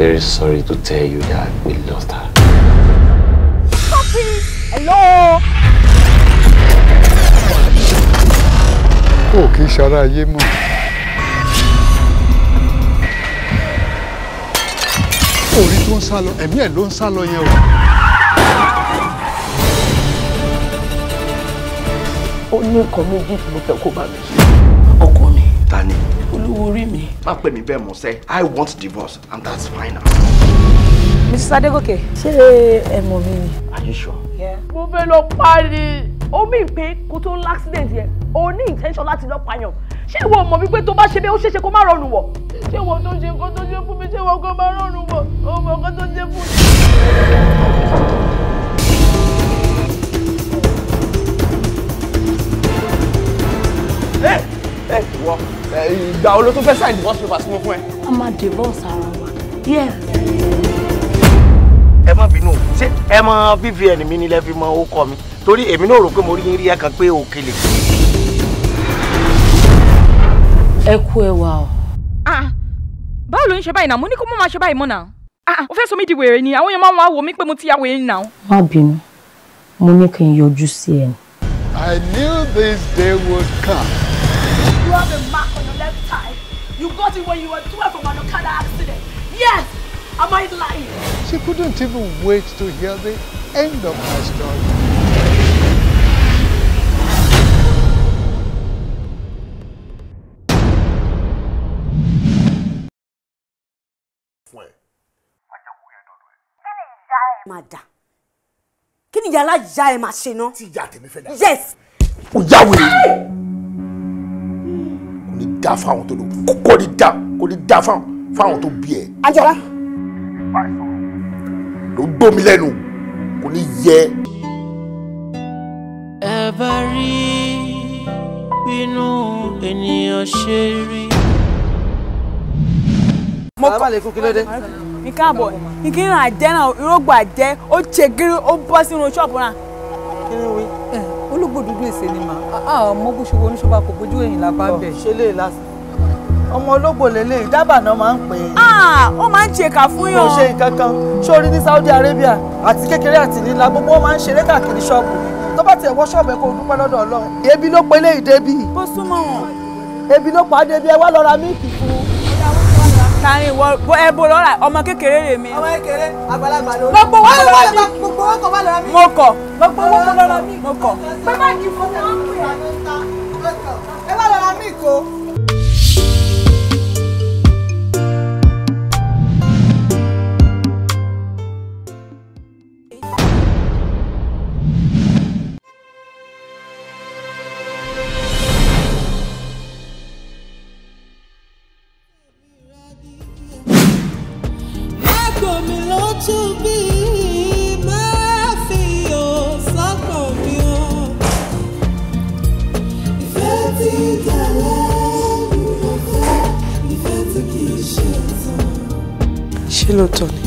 very sorry to tell you that we lost her. Happy! Hello! O kì í ṣara ayé mọ́. Orí tó ń sá lọ, ẹ̀mí ẹ̀ ló ń sá lọ yẹn o. Ó ní nǹkan méjì tí mo fẹ́ kó bá mi Ọkọ mi. Ta ni? olówó orí mi. má pè mí bẹ́ẹ̀ mọ̀ sẹ́ i want divorce and that's final. mrs adegoke ṣé ẹ mọ̀ mi ni. are you sure. mo fẹ́ lọ parí omi ìpè kó tó ń accident. yẹn o ní intention láti lọ pààyàn ṣé ìwọ mọ̀ wípé tó bá ṣe bẹ́ẹ̀ ó ṣeéṣe kó má rọrùn wọ̀. ṣé ìwọ tó ṣe nǹkan tó ṣe fún mi ṣé ìwọ kó má rọrùn wọ̀ ọmọ nǹkan tó ṣe fún mi. Hey! Hey! what? ìgbà wo ló tún fẹ́ sign divorce papers fún mi fún ẹ. a máa divorce ara wa yes. ẹ má bínú ṣé ẹ mọ vvn mi nílẹ̀ fi mọ ó kọ mi torí èmi náà rò pé mo rí yín rí ẹ kan pé òkèlè. ẹ kú ẹwà o. báwo ló ń ṣe báyìí náà mo ní kó má máa ṣe báyìí mọ́ náà ó fẹ́ sọ mí di wèrè ni àwọn èèyàn máa ń wá wò mí pé mo ti ya wèrè náà. má bínú mo ní kí n yọjú sí ẹ. I knew this day would come. You are the mark You got it when you were 12 from an Okada accident. Yes! Am I lying? She couldn't even wait to hear the end of my story. máa dà kí ni yàrá ya ẹ máa ṣe ná. tí ìyá tèmi fẹ́ dà. yes. ó yá wèrè dá fáwọn tó lò kò ní dá kò ní dá fáwọn tó bí ẹ. Àjàlá. ló gbómi lẹ́nu kò ní yẹ. ẹ bá rí bínú ènìyàn ṣe rí. mo kọ́ àbálẹ̀kùn kí ló dé. mi káàbọ̀ ìkíni àjẹ́ náà irógbò àjẹ́ ó ṣe ó bọ́ sínú ṣọ́ọ̀bù náà ológbò dúdú èsè ni mà á mọ bó ṣe wo oníṣọba kò bójú èyìn là bá bẹ. ṣe lè lásán ọmọ ológbò lélẹ̀ ìdábànà máa ń pè é. ó máa ń ṣe kà fún yàn. kò ṣe nǹkan kan sórí ní Saudi Arabia àti kékeré àti nílá gbogbo wọn máa ń ṣeré káàkiri ṣọ́ọ̀bù tó bá tiẹ̀ wọ ṣọ́ọ̀bù ẹ̀ kó dúpẹ́ lọ́dọ̀ Ọlọ́run. ebi ló pe lé ìdẹ́bì. bó súnmọ́ wọn. ebi ló pa á débi ẹ wá lọ ra mílìkì fún tani ìwọ ẹbọ lọ́ra ọmọ kékeré rè mi. ọmọ kékeré àgbàlagbà ló. gbogbo owó ló wà mí. gbogbo owó kọ̀ wá lọ́ra mi. mo kọ̀ gbogbo owó kọ̀ lọ́ra mi. mo kọ̀. bàbá ìdìbò tẹ̀ wọ́n pè é. ẹ bá lọ́ra mi kó. minutos.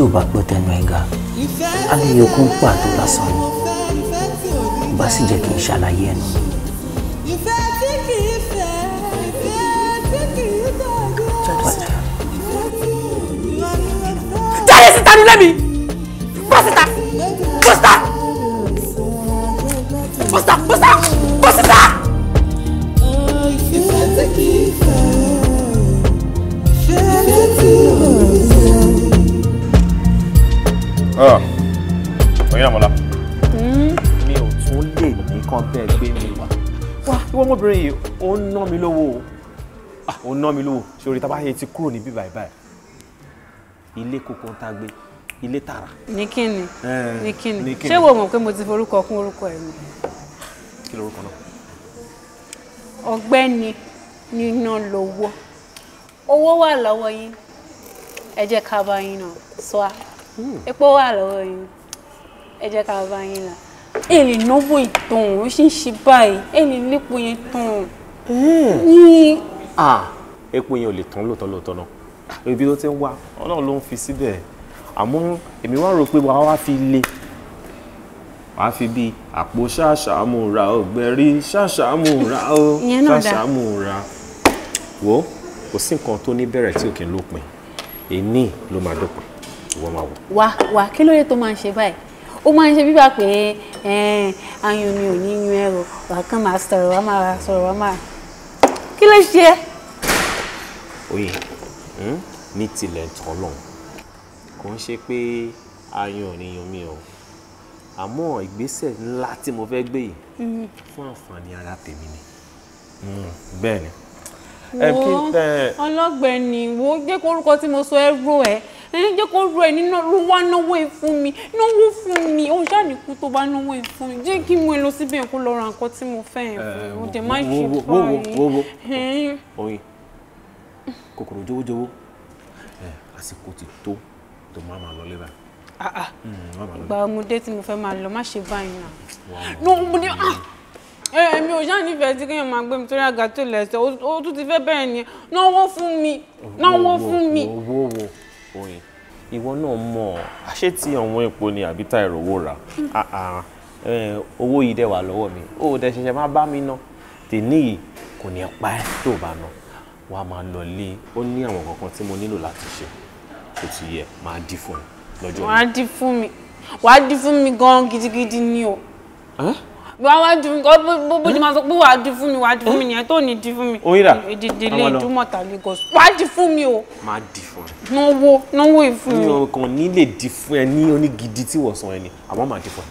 tí ò bá gbọ́ tẹnu ẹ̀ ga á pàtó lásán ni bá sì jẹ́ kí n ṣàlàyé ẹnu. ná mi lówó o ah ò ná mi lówó sórí tábà yẹn ti kúrò níbí báyìí báyìí ilé kòkó tá a gbé ilé tààrà. ní kíni ní kíni ṣé wo mọ̀ pé mo ti forúkọ kún orúkọ ẹ̀ mi. kí lorúkọ náà. ọ̀gbẹ́ni níná lówó owó wà lọ́wọ́ yín ẹ jẹ́ ká bá yín náà sọ́à hmm. epo wà lọ́wọ́ yín ẹ jẹ́ ká bá yín náà èlì náwó ìtàn ó sì ń ṣe báyìí èlì lípo yẹn tàn ní. epo yẹn ò lè tán lóòótọ́ lóòótọ́ náà ibi tó ti ń wá ọlọ́run ló ń fi síbẹ̀ àmọ́ èmi wá rò pé wàá wá fi le wàá fi bí àpò ṣàṣàmùra ò gbẹ̀rí ṣàṣàmùra ò ṣàṣàmùra wò kò sí nǹkan tó ní bẹ̀rẹ̀ tí ò kí ń lópin èní ló máa dópin ìwọ máa wò. wà wà kí ló yẹ tó máa ń ṣe báyìí ó máa ń ṣe bíbá pé ayùn mi ò ní yun ẹ̀rọ wà á kàn máa sọ̀rọ̀ wà á máa sọ̀rọ̀ wà á máa kí ló ṣe é. oyè hm? ní tilẹ̀ tọ́lọ̀ kò ń ṣe pé ayan nìyàn mi o àmọ́ ìgbésẹ̀ ńlá tí mo fẹ́ gbé yìí mm-hmm. fún àǹfààní ara tèmi ni hmm, bẹ́ẹ̀ ni. wo ọlọ́gbẹ́ni wo jẹ́ kórúkọ tí mo sọ ẹ́ rò ẹ́ ẹ jẹ́ kó rọ ẹ nínú wá náwó ẹ fún mi náwó fún mi ó ṣáà ní kú tó bá náwó ẹ fún mi jẹ́ kí mo lọ síbẹ̀ kó lọ ra nǹkan tí mo fẹ́ ẹ fún mi ó dẹ̀ má ṣe báyìí. oyin kòkòrò jówójówó àsìkò ti tó tó máa ah, ah. Hmm, máa lọ lébà gba ọmọdé tí mo fẹ́ máa lọ má ṣe báyìí náà no mo ní ah! èmi ò ṣáà nífẹ̀ẹ́ tí kéèyàn máa gbé mi torí àga tó lẹ̀ ṣe ó tún ti fẹ́ bẹ́ẹ̀ ni náwó fún mi náwó fún mi oyin ìwọ náà mọ̀ àṣé tí ọ̀wọ́n epo ni àbí tá ìrówó rà ah, ah. owó yìí dẹ̀ wà lọ́wọ́ mi ó dẹ̀ ṣẹ̀ṣẹ̀ má bá mi ná tèmi yìí kò ní pa ẹ́ tó bá ná wàá máa lọ lé e. ó ní àwọn kankan tí mo nílò láti ṣe kò ti yẹ máa dí fún mi lọ́jọ́ yìí. wàá dí fún mi wàá dí fún mi gan gidigidi ni o. Eh? wá wá dùn bó bó ti máa sọ pé wàá dùn fún mi wàá dùn fún mi nìyẹn tó ní dùn fún mi. oyinra ìdílé ìdúmọ̀tà Lagos wàá dùn fún mi o. máa dì fún ẹ. náwó náwó ìfún mi. mi kàn ní lè dì e ẹ ní onígidi tí wọ́n san ẹ ni àmọ́ máa dì fún ẹ.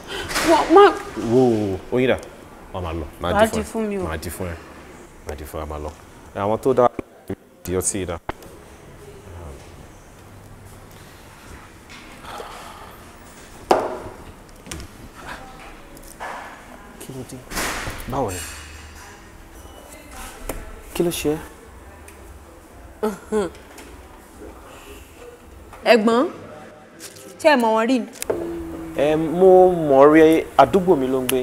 wọ́n máa. wo oyinra wọ́n máa lọ máa dì fún ẹ máa dì fún ẹ máa dì fún ẹ máa lọ àwọn tó dá ìdíyọtí dáa. kí ló dé. báwo ni kí ló ṣe é. ẹ̀gbọ́n ṣé ẹ mọ̀ wọn rí ni. ẹ mo mọ̀ rí àdúgbò mi ló ń gbé.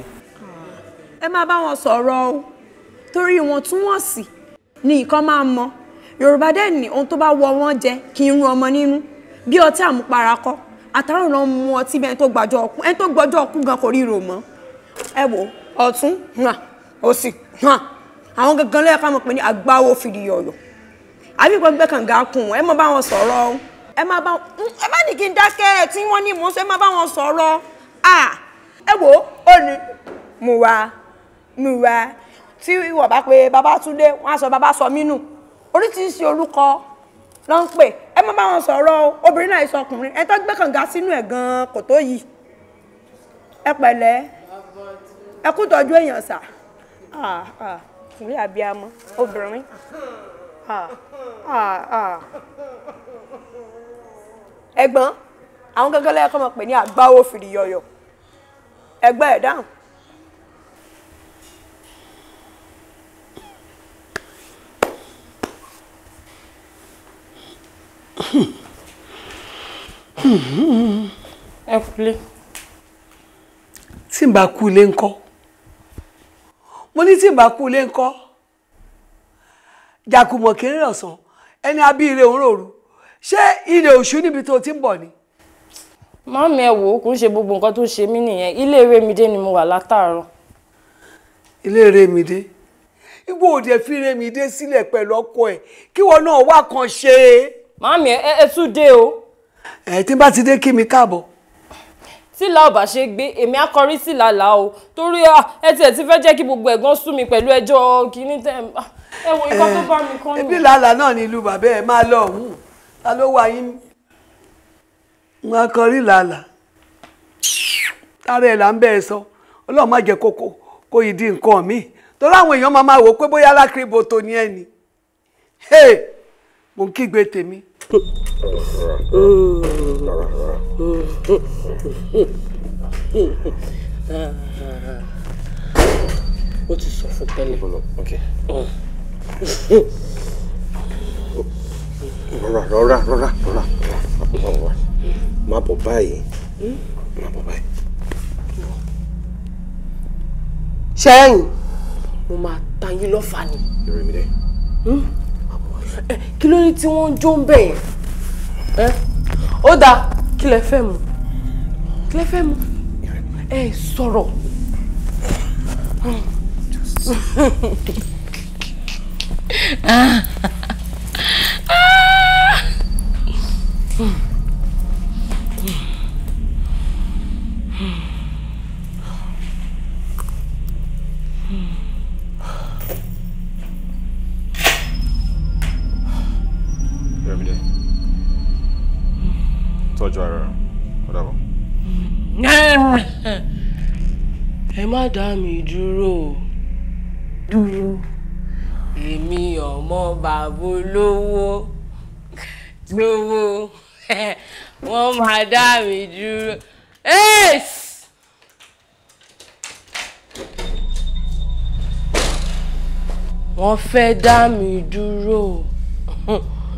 ẹ má bá wọn sọ̀rọ̀ o torí ìwọ̀ntúnwọ̀nsì ni nǹkan máa ń mọ yorùbá dẹ̀ ní ohun tó bá wọ wọn jẹ kí n rún ọmọ nínú bí ọtí àmupara kọ àtàrà ọ̀nà mu ọtí bẹ́ẹ̀ tó gbàjọ ọkùn ẹni tó gbàjọ ọkùn gan kò ríro mọ́ ẹ wò ọ̀tún hàn òsì hàn àwọn gangan ló yẹ ká mọ̀ pé ní agbáwo fìdí yọ̀yọ̀ àbí gbogbo kànga kùn ẹ má bá wọn sọ̀rọ̀ ẹ má bá ẹ má ní kí n dákẹ́ tí wọ́n ní mò ẹ má bá wọn sọ̀rọ̀ à ẹ wò ó ní mú wa mú wa tí wọ́n bá pe Babátúndé wọ́n á sọ bàbá sọ mí nù oríṣiríṣi orúkọ ló ń pè ẹ má bá wọn sọ̀rọ̀ obìnrin náà sọkùnrin ẹ tó gbé kànga sínú ẹ̀ gan-an kò tó yìí ẹ pẹ̀lẹ́ ẹ kú tọ́jú èèyàn sà fún yà bí amọ obìnrin ah, ah, ah. ẹ̀gbọ́n àwọn gángan lẹ́yìn mọ̀ pé ní àgbáwo fìdí yọyọ ẹgbẹ́ ẹ̀ dáhùn. ẹ kúlé. tí n bá kú ilé ńkọ́ mo ní tí ìbá kú ilé ńkọ́ jàkùmọ̀ kéré ọ̀sán ẹni abíire òǹrorò ṣé ilé òṣù níbi tó ti ń bọ̀ ni. mọ́mí ẹ wò ó kò ń ṣe gbogbo nǹkan tó ṣe mí nìyẹn ilé Rẹ́mídé ni mo wà látàárọ̀. ilé Rẹ́mídé igbó òde fi Rẹ́mídé sílẹ̀ pẹ̀lú ọkọ ẹ̀ kí wọn náà wá kan ṣe. mọ́mí ẹ ẹ tún dé o. ẹ tí bá ti dé kí mi káàbọ̀. tílà ò bá ṣe gbé èmi akọrí tílà là o torí ẹ tiẹ̀ ti fẹ́ jẹ́ kí gbogbo ẹ̀gbọ́n sún mi pẹ̀lú ẹjọ́ kìíní tẹ̀ ẹ wo ikọ́ tó bá mi kọ nù. ibi làlà náà ni ìlú bàbá ẹ máa lọ ọhún ta ló wá yín wọn akọrí làlà tára ẹ̀ là ń bẹ́ẹ̀ sọ ọlọ́run má jẹ́ kókó kó yìí di nǹkan mi torí àwọn èèyàn máa máa wò pé bóyá alákìrìbò tó ní ni mo ń kígbe tèmi ó ti sọ fún tẹ́lẹ̀. rọra rọra rọra rọra má bọ̀ báyìí má bọ̀ báyìí. sẹ́yìn mo máa ta yín lọ́fà ni kí ló ní tí wọ́n ń jó ń bẹ̀ yẹn ó dáa kí lẹ fẹ́ mu kí lẹ fẹ́ mu ẹ sọ̀rọ̀. Hmm. every day. Tọ́jú ara rẹ̀, ó dàbọ̀. Ẹ má dá mi dúró. Dúró. Èmi ọmọ bàbá olówó gbowó wọ́n máa dá mi dúró. Ace! wọ́n fẹ́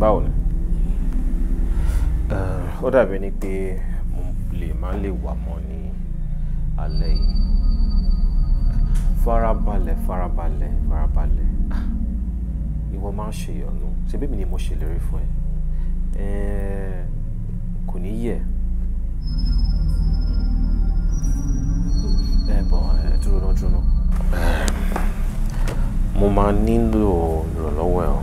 báwo ni ó dàbí ni pé mo lè máa lè wà mọ́ ní alẹ́ yìí farabalẹ̀ farabalẹ̀ farabalẹ̀ ìwọ máa ń ṣe ìyọnu ṣebí mi ni mo ṣèlérí fún ẹ kò ní yẹ mo máa nílò ìrànlọ́wọ́ ẹ o.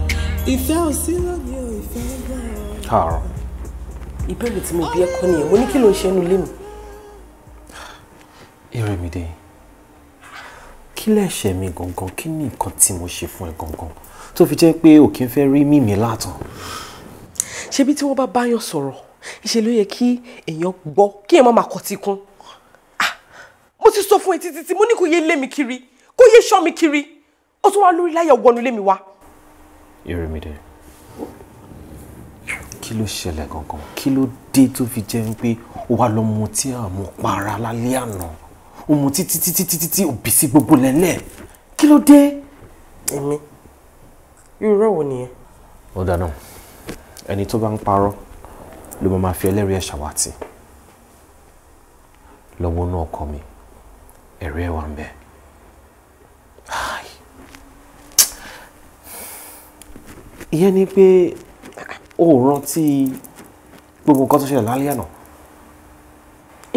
ìfẹ́ ò sí lónìí o ìfẹ́ gbà ọ́. ìbéèrè tí mo bí ẹ kọ́ nìyẹn mo ní kí ló ń ṣe ẹnu lé mi. Ìrẹ̀mídé kí lẹ̀ṣẹ̀ mi gangan kí ni nǹkan tí mo ṣe fún ẹ gangan tó fi jẹ́ pé ò kí n fẹ́ rí mímí látàn. ṣebí tí wọ́n bá báyàn sọ̀rọ̀ ìṣe yẹ kí èèyàn gbọ́ kí èèyàn má máa kọtí kún. Ah, mo ti sọ fún ẹ títí tí mo ní kò yé lé mi kiri kò yé ṣọ́ mi kiri ó tún wá lórí láyà wọnú lé mi wá. Ìrèmídé kí ló ṣẹlẹ̀ gangan kí ló dé tó fi jẹ́ wípé ó wá lọ mu tí àmú para lálẹ́ àná ó mu títí títí títí tí òbí sí gbogbo lẹ́lẹ̀ kí ló dé. èmi irú rẹ̀ wo nìyẹn. ó dáná ẹni tó bá ń parọ́ ló máa máa fi ẹlẹ́rìí ẹ̀ ṣàwátì lọ́wọ́ inú ọkọ mi ẹ̀rí ẹ̀ wà ń bẹ. ìyẹn ni pé o ò rántí gbogbo nǹkan tó ṣẹlẹ̀ lálẹ́ àná.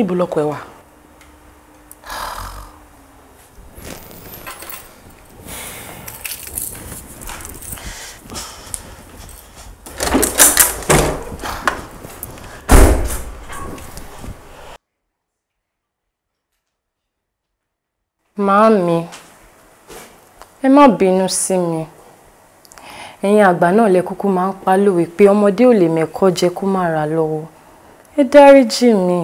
ibo lọkọ ẹ wà. Màámi, ẹ má bínú sí mi ẹ̀yin àgbà náà lẹ kúkú máa ń pa lówe pé ọmọdé ò lè mẹ́kọ́ jẹ kó má ra lọ́wọ́ ẹ dáríjì mi.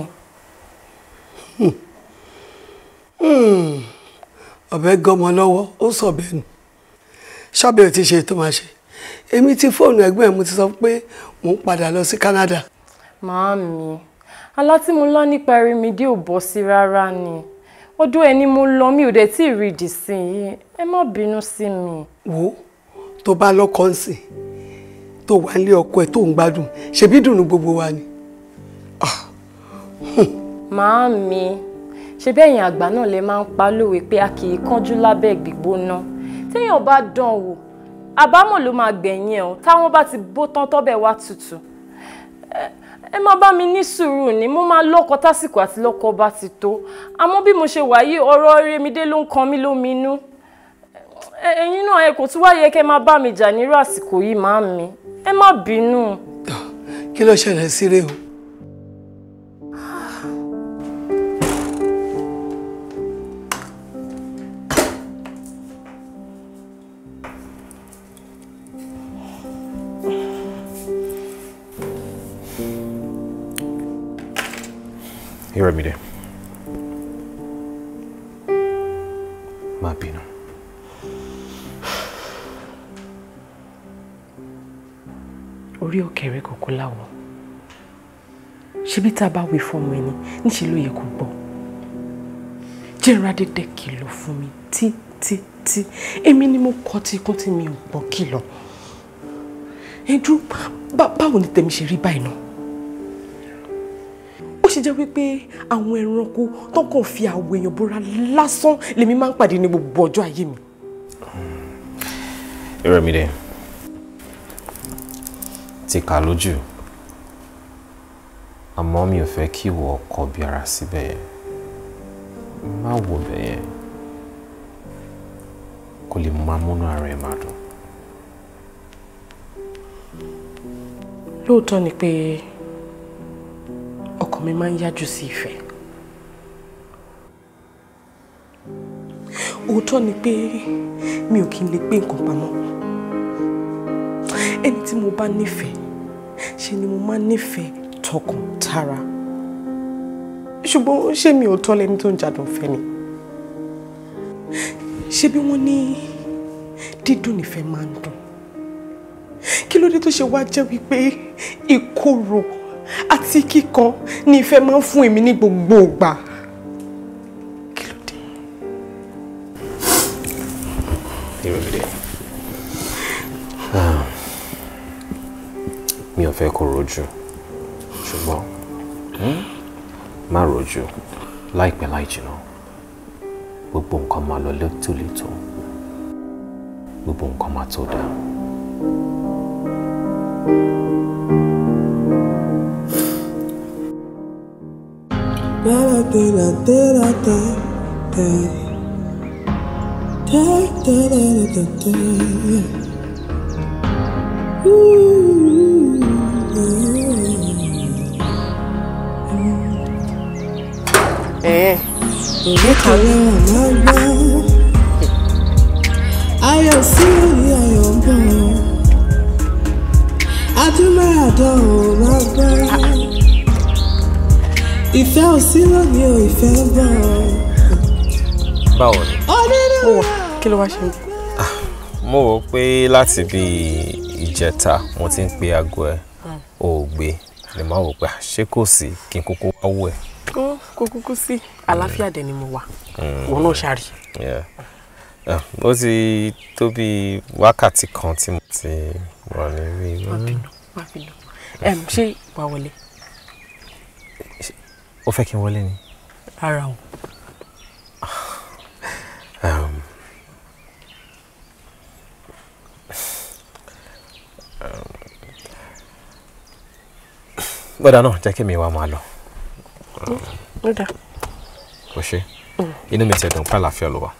Hmm. ọ̀bẹ gọmọ lọ́wọ́ ó sọ bẹ́ẹ̀ nù ṣọ́bẹ̀ ò ti ṣe tó máa ṣe èmi tí fóònù ẹ̀gbọ́n ẹ̀ mo ti sọ pé mò ń padà lọ sí Canada. màámi alátìmúlá nípa erémidé ò bọ́ sí rárá ni ọdún ẹni mo lọ mi ò dẹ̀ tí ì rí sí i ẹ má bínú sí mi. wo tó bá lọ́kọ ń sìn tó wà nílé ọkọ ẹ̀ tó ń gbádùn ṣebí dùnú gbogbo wa ni. Ah, hmm. màámi ṣe bẹ́ẹ̀ yẹn àgbà náà lè máa ń pa lówe pé a kì í kánjú lábẹ́ gbígbóná téèyàn bá dán wò àbámọ̀ ló máa gbẹ̀yìn ẹ̀ o táwọn bá ti bó tán tọ́bẹ̀ wá tutù ẹ má bá mi ní sùúrù ni mo máa lọ́kọ tásìkò àti lọ́kọ bá ti tó àmọ́ bí mo ṣe wà yìí ọ̀rọ̀ Remide ló ń kan mí lóminú ẹ̀yin náà ẹ kò tún wáyé kẹ́ máa bá mi jà nírú àsìkò yìí máa mi ẹ má bínú. kí ló ṣẹlẹ̀ síre o. Here, Amide. kẹ̀rẹ́ kòkó láwọn ṣebí tá a bá wí fọmọ ẹni níṣẹ́ ló yẹ kó gbọ́ jẹ́nra dédé kìlọ̀ fún mi tí tí tí èmi ni mo kọ́ tí ikú tí mi ò gbọ́ kìlọ̀ ẹdú báwo ni tèmi ṣe rí báyìí náà ó ṣe jẹ́ wípé àwọn ẹranko tó kàn fi àwọ̀ èèyàn bóra lásán lèmi máa ń pàdé ní gbogbo ọjọ́ ayé mi. ìrẹ̀mídẹ́. Mm ti kà lójú àmọ́ mi ò fẹ́ kí ìwọ ọkọ̀ bí ara síbẹ̀ yẹn má wò bẹ̀ yẹn kó lè máa múnú ara ẹ̀ máa dùn. lóòótọ́ ni pé ọkàn mi máa ń yájú sí ìfẹ́ òótọ́ ni pé mi ò kí n lè gbé nǹkan pamọ́ ẹni tí mo bá nífẹ̀ẹ́ ṣe ni mo máa nífẹ̀ẹ́ tọkàn tara ṣùgbọ́n ṣé mi ò tọ́ lẹ́ni tó ń jadùn fẹ́ ni ṣé bí wọ́n ní dídùn nífẹ̀ẹ́ máa ń dùn kí ló dé tó ṣe wá jẹ́ wípé ìkorò àti kíkan ni ìfẹ́ máa ń fún èmi ní gbogbo ìgbà. rojú ṣùgbọ́n má rojú láìpẹ́ láì jìnnà gbogbo nǹkan máa lọ létòlétò gbogbo nǹkan máa tó dáa. da da da da da da da da da da da ìrékàwé eh. ọlọ́gbọ́n ayọ̀ sí orí ayọ̀ bọ̀ adúmáradán ọlọ́gbọ́n ìfẹ́ ò sí lónìí ò ìfẹ́ bọ̀. báwo ni mo wà kí ló wá ṣe ah, mo rò pé láti bí ìjẹta mo ti ń pe aago ẹ ò hmm. gbé lè má wò pé ah, ṣé kò sí kí n kúkú wá wò ẹ kó kúkú sí àlàáfíà dẹ̀ ni mo wà òun náà ṣàrí. Ah, ó ti tó bí wákàtí kan tí mo ti wọlé rí i. má bínú ṣé wàá wọlé. ó fẹ́ kí n wọlé ni. ara o. gbọ́dọ̀ um, um, náà jẹ́ kí mi wá máa lọ ó dà. o ṣe inú mi ti ẹ̀dùn pa àlàáfíà ló wà.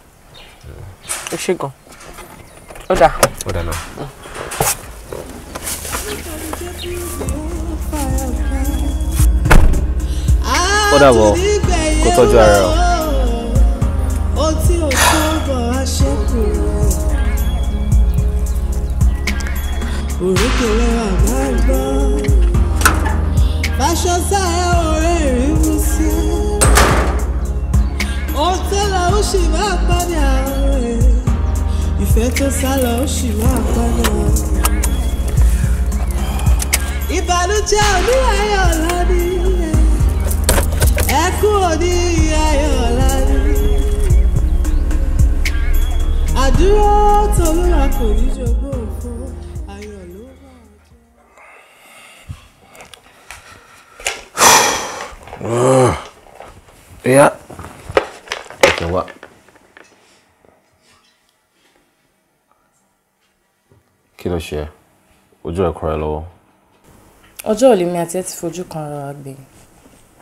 o ṣe gan ó dà. ó dà náà. Mm. ó dàbọ̀ kó tọ́jú ara rẹ̀ o. orókè lọ́wọ́ àbá gbọ́ fàṣọ sára ọ̀rẹ́ rí ọ̀tẹ̀ là ó sì máa padà ìfẹ́ tó sá lọ ó sì máa padà. ìbànújẹ́ òní ayọ̀ ọ̀la kò ní jogún. ló ṣe ẹ́ ojú ẹ̀ kọ́ ẹ lọ́wọ́. ọjọ́ òní mi àti ẹ ti fojú kan ara wa gbé.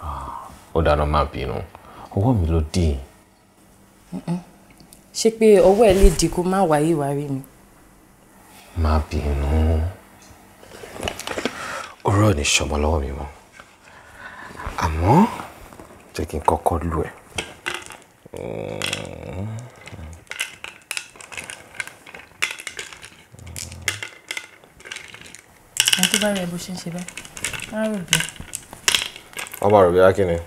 Ah, ó dáná má bínú ọwọ́ mi ló dì í. ṣé pé ọwọ́ ẹ lè dì kó má wáyé wá rí mi. má bínú ọ̀rọ̀ ò ní ṣọmọ lọ́wọ́ mi mọ́ àmọ́ jẹ́ kí n kọ́kọ́ lù ẹ́. Mm. bá rẹ̀ bó ṣe ń ṣe báyìí má rò bí. wọ́n bá rò bí akíni.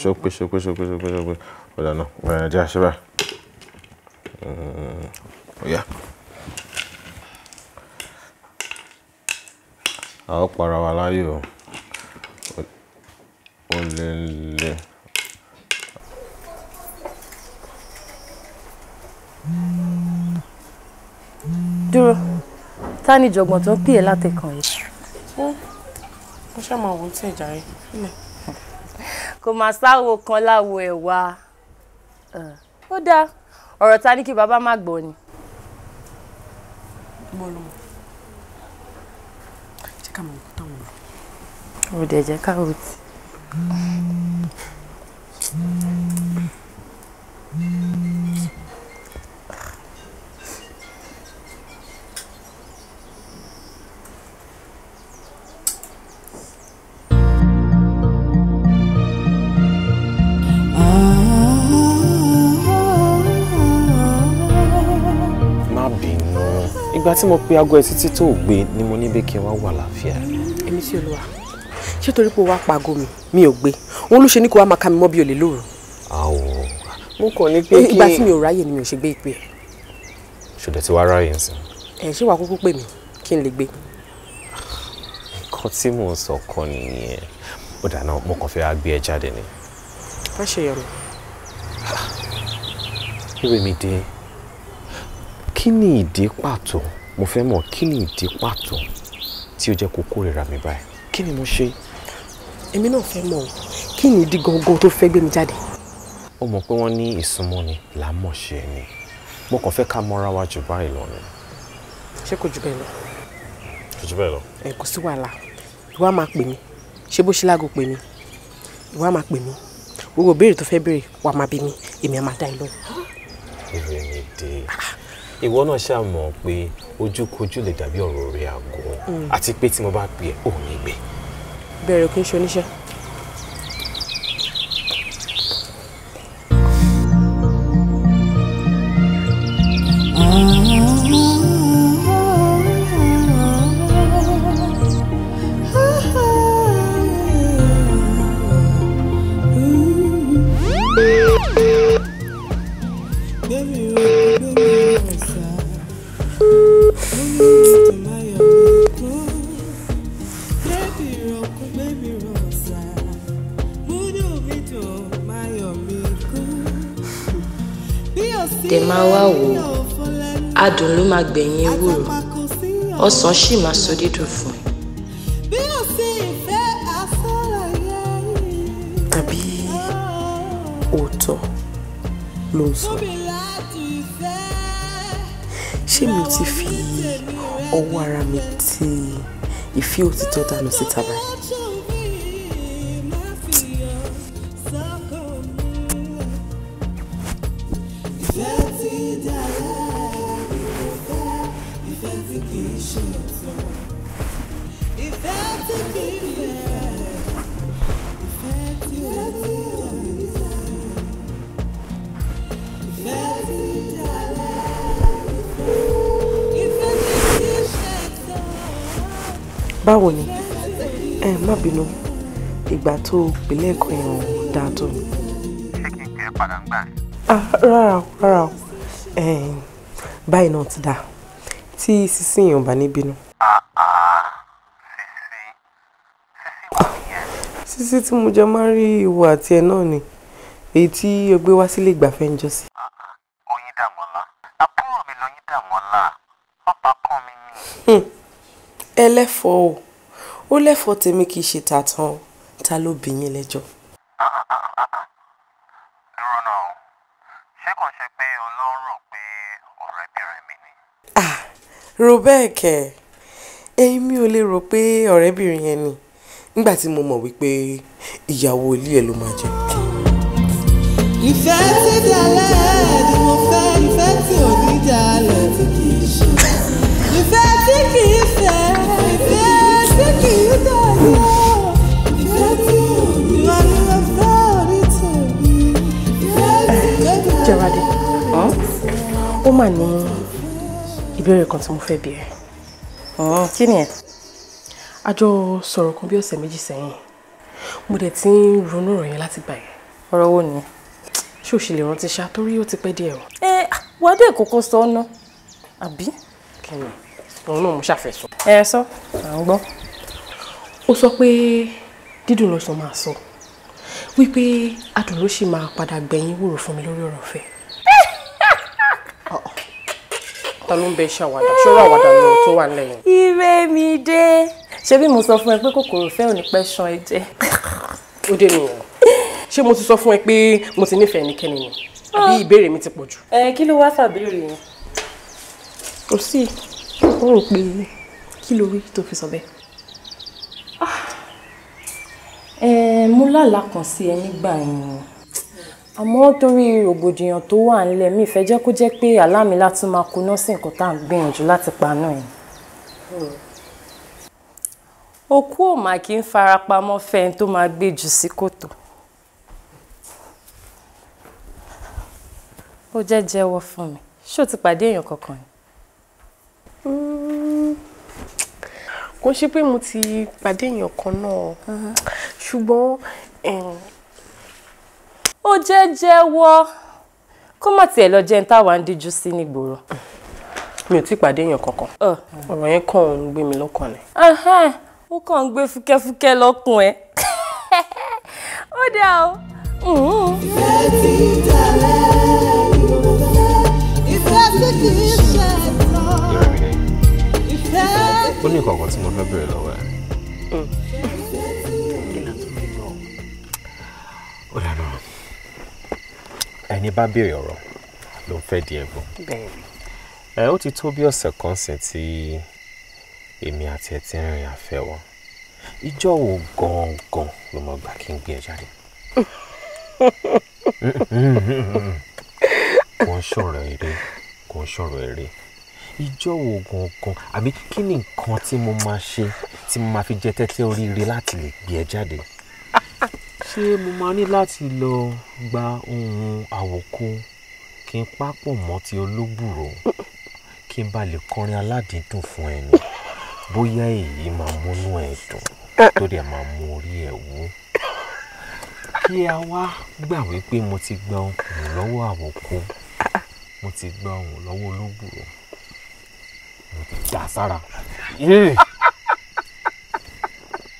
ṣópé ṣópé ṣópé ṣópé ṣópé ọ̀dà náà bẹ̀rẹ̀ jẹ́ àṣẹ báyìí. ọ̀yà. a ó para ta ni jọ̀gbọ̀n tó ń pè é látẹ̀kàn yìí. Eh, mo ṣe máa wò ó tí ì jàre nílẹ̀. kò máa sáwo kan láwo ẹ̀ wá eh, ó dáa ọ̀rọ̀ ta ni kí bàbá má gbọ́ ni. mo lọ ó dẹ̀ jẹ́ ká tí. ìgbà tí mo pe aago ẹ títí tó gbé ni mo ní bẹ́ẹ̀ kí n wá wà láàfíà. èmi sì olúwa ṣé torí pé o wá paago mi mi ò gbé òun ló ṣe ní kó wá máa ka mi mọ́ bí olè lóru. àwọ̀ mo kàn ní pé kí ìgbà tí mi ò ráyè ni mi ò ṣe gbé ìpè ẹ̀. tí wàá ráyè ń sìn. ẹ ṣé wàá kúkú pè mí kí n lè gbé. nǹkan tí mò ń sọ kọ́ nìyẹn ó dáná mo kàn fẹ́ gbé ẹ jáde ni. má ṣe yọrọ. ìwé mi dé kí ni ìdí pàtó mo fẹ́ mọ̀ kí ni ìdí pàtó tí ó jẹ́ kó kórìíra mi báyìí kí ni mo ṣe. èmi náà fẹ́ mọ̀ kí ni ìdí gangan tó fẹ́ gbé mi jáde. ó mọ̀ pé wọ́n ní ìsúnmọ́ni là ni mo kàn fẹ́ ká mọ́ra wa jù báyìí lọ ni. ṣé kò jù bẹ́ẹ̀ lọ. kò jù bẹ́ẹ̀ lọ. ẹ kò sí wàhálà ìwà máa pè mí ṣé bó ṣe láago pè mí ìwà máa pè mí gbogbo béèrè tó fẹ́ béèrè wà máa ìwọ náà ṣáà mọ̀ pé ojúkojú lè dàbí ọ̀rọ̀ orí aago mm. àti pé tí mo bá pè é ò ní gbé. bẹ̀rẹ̀ kí n ṣe oníṣẹ́. máa gbẹ̀yìn ewúro ọsàn sì máa sọ dídùn fún ẹ. tàbí òótọ́ ló ń sọ ṣé mi ti fi ọwọ́ ara mi ti ìfẹ́ òtítọ́ dànù síta báyìí. tó pè lẹ́ẹ̀kan yẹn ò dáa tó ni. ṣé kí n tẹ́ padà ń gbà rẹ̀. Ah, rárá o rárá o báyìí náà ti dáa tí sísìn yẹn ò bá ní bínú. Ah, ah. sísí tí mo jọ máa ń rí ìwọ àti ẹ náà ni èyí tí o gbé wá sílé ìgbafẹ́ ń jọ sí. oyin dàmọ́lá àbúrò mi lóyin dàmọ́lá ọba kan mi ni. ẹlẹ́fọ̀ọ́ o ó lẹ́fọ̀ọ́ tèmi kì í ṣe tàtàn o ta ló bí yín lẹ́jọ́. irọ́ náà ṣé kàn ṣe pé ọlọ́run rò pé ọ̀rẹ́bìnrin mi ni. rò bẹ́ẹ̀ kẹ̀ èmi ò lè rò pé ọ̀rẹ́bìnrin yẹn ni nígbà tí mo mọ̀ wípé ìyàwó ilé ẹ̀ ló máa jẹ́. ìfẹ́ ti dalẹ̀ ni mo fẹ́ ìfẹ́ tí ò ní jalè tí kì í ṣe ìfẹ́ tí kì í fẹ́ ìfẹ́ tí kì í dọ̀yẹ́. Jẹ́wádé, ó mà ní ìbéèrè kan tí mo fẹ́ béèrè. Kí ni ẹ̀? A jọ sọ̀rọ̀ kan bí ọ̀sẹ̀ méjì sẹ́yìn. Mo dẹ̀ ti ń ronú ọ̀rọ̀ yẹn láti gbà yẹn. Ọ̀rọ̀ wo ni? Ṣé o ṣì lè rántí ṣá torí ó ti pẹ́ díẹ̀ o? Ẹ wà á dé kókó sọ ọ́ ná. Àbí? Kí ni? Òun náà mo ṣàfẹ́sọ. Ẹ sọ, à ń gbọ́. Ó sọ pé dídùn lọ́sàn máa sọ wípé adùnrún sì máa padà gbẹ̀yìn wúrò fún mi lórí ọ̀rọ̀ fẹ́. ta ló ń bẹ iṣẹ́ àwàdà ṣọ́rọ̀ àwàdà lọ tó wà lẹ́yìn. ire mi dé ṣebí mo sọ fún ẹ pé kòkòrò fẹ́ ò ní pẹ́ ṣan ẹ jẹ. ó dé nìyẹn ṣé mo ti sọ fún ẹ pé mo ti nífẹ̀ẹ́ nìkẹ́ni ni àbí ah. ìbéèrè mi ti pọ̀ jù. ẹ kí ló wá fàbílì yẹn. kò sí ó pé kí ló rí tó fi sọ bẹ́ẹ̀ mo lálàá kan sí ẹ nígbà yẹn àmọ́ torí rògbòdìyàn tó wà nílẹ̀ mi ìfẹ́ jẹ́ kó jẹ́ pé àlá mi láti máa kuná sí nǹkan tá à ń gbìyànjú láti paná ẹ̀. òkú òmà kì í farapamọ́ fẹ́ni tó máa gbé jù sí kòtò. ó jẹ́ jẹ́wọ́ fún mi ṣó ti pàdé èèyàn kankan ni. Hmm kò ṣe pé mo ti pàdé èèyàn kan náà uh-huh. ṣùgbọ́n ó jẹ́ jẹ́wọ́ kó má tiẹ̀ lọ jẹun táwa ń díjú sí nígboro. mi ò tí pàdé èèyàn kankan ọ̀rọ̀ yẹn kàn ń gbé mi lọ́kàn ni. ó kàn ń gbé fúkẹ́fúkẹ́ lọ́kùn ẹ̀ ó dà o. Mm-hmm. ìfẹ́ ti dalẹ̀ ìfẹ́ ti kì í ṣe ó ní nǹkan kan tí mo fẹ́ bèrè lọ́wọ́ ẹ̀. Mm. ó dànù ẹni bá béèrè ọ̀rọ̀ ló ń fẹ́ di ẹ̀gbọ́n. ẹ ó ti tó bí ọ̀sẹ̀ kan sìn tí èmi àti ẹ̀ ti rìnrìn àfẹ́ wọn ìjọ wo gangan ló mọ gbà kí n gbé ẹ jáde. kò ṣọ̀rọ̀ eré kò ṣọ̀rọ̀ eré ijó wo gangan àbí kí ni nǹkan tí mo máa ṣe tí mo máa fi jẹ tẹ́tẹ́ oríire láti lè gbé ẹ jáde. ṣé mo máa ní láti lọ gba ohun àwòkù kí n pápọ̀ mọ́ ti olóbùrò kí n bá lè kọrin aládìídùn fún ẹni bóyá èyí máa múnú ẹ dùn tó dẹ̀ máa mú orí ẹ wú kí a wá gbà wípé mo ti gba ohun lọ́wọ́ àwòkù mo ti gba ohun lọ́wọ́ olóbùrò dà sára eh. eh.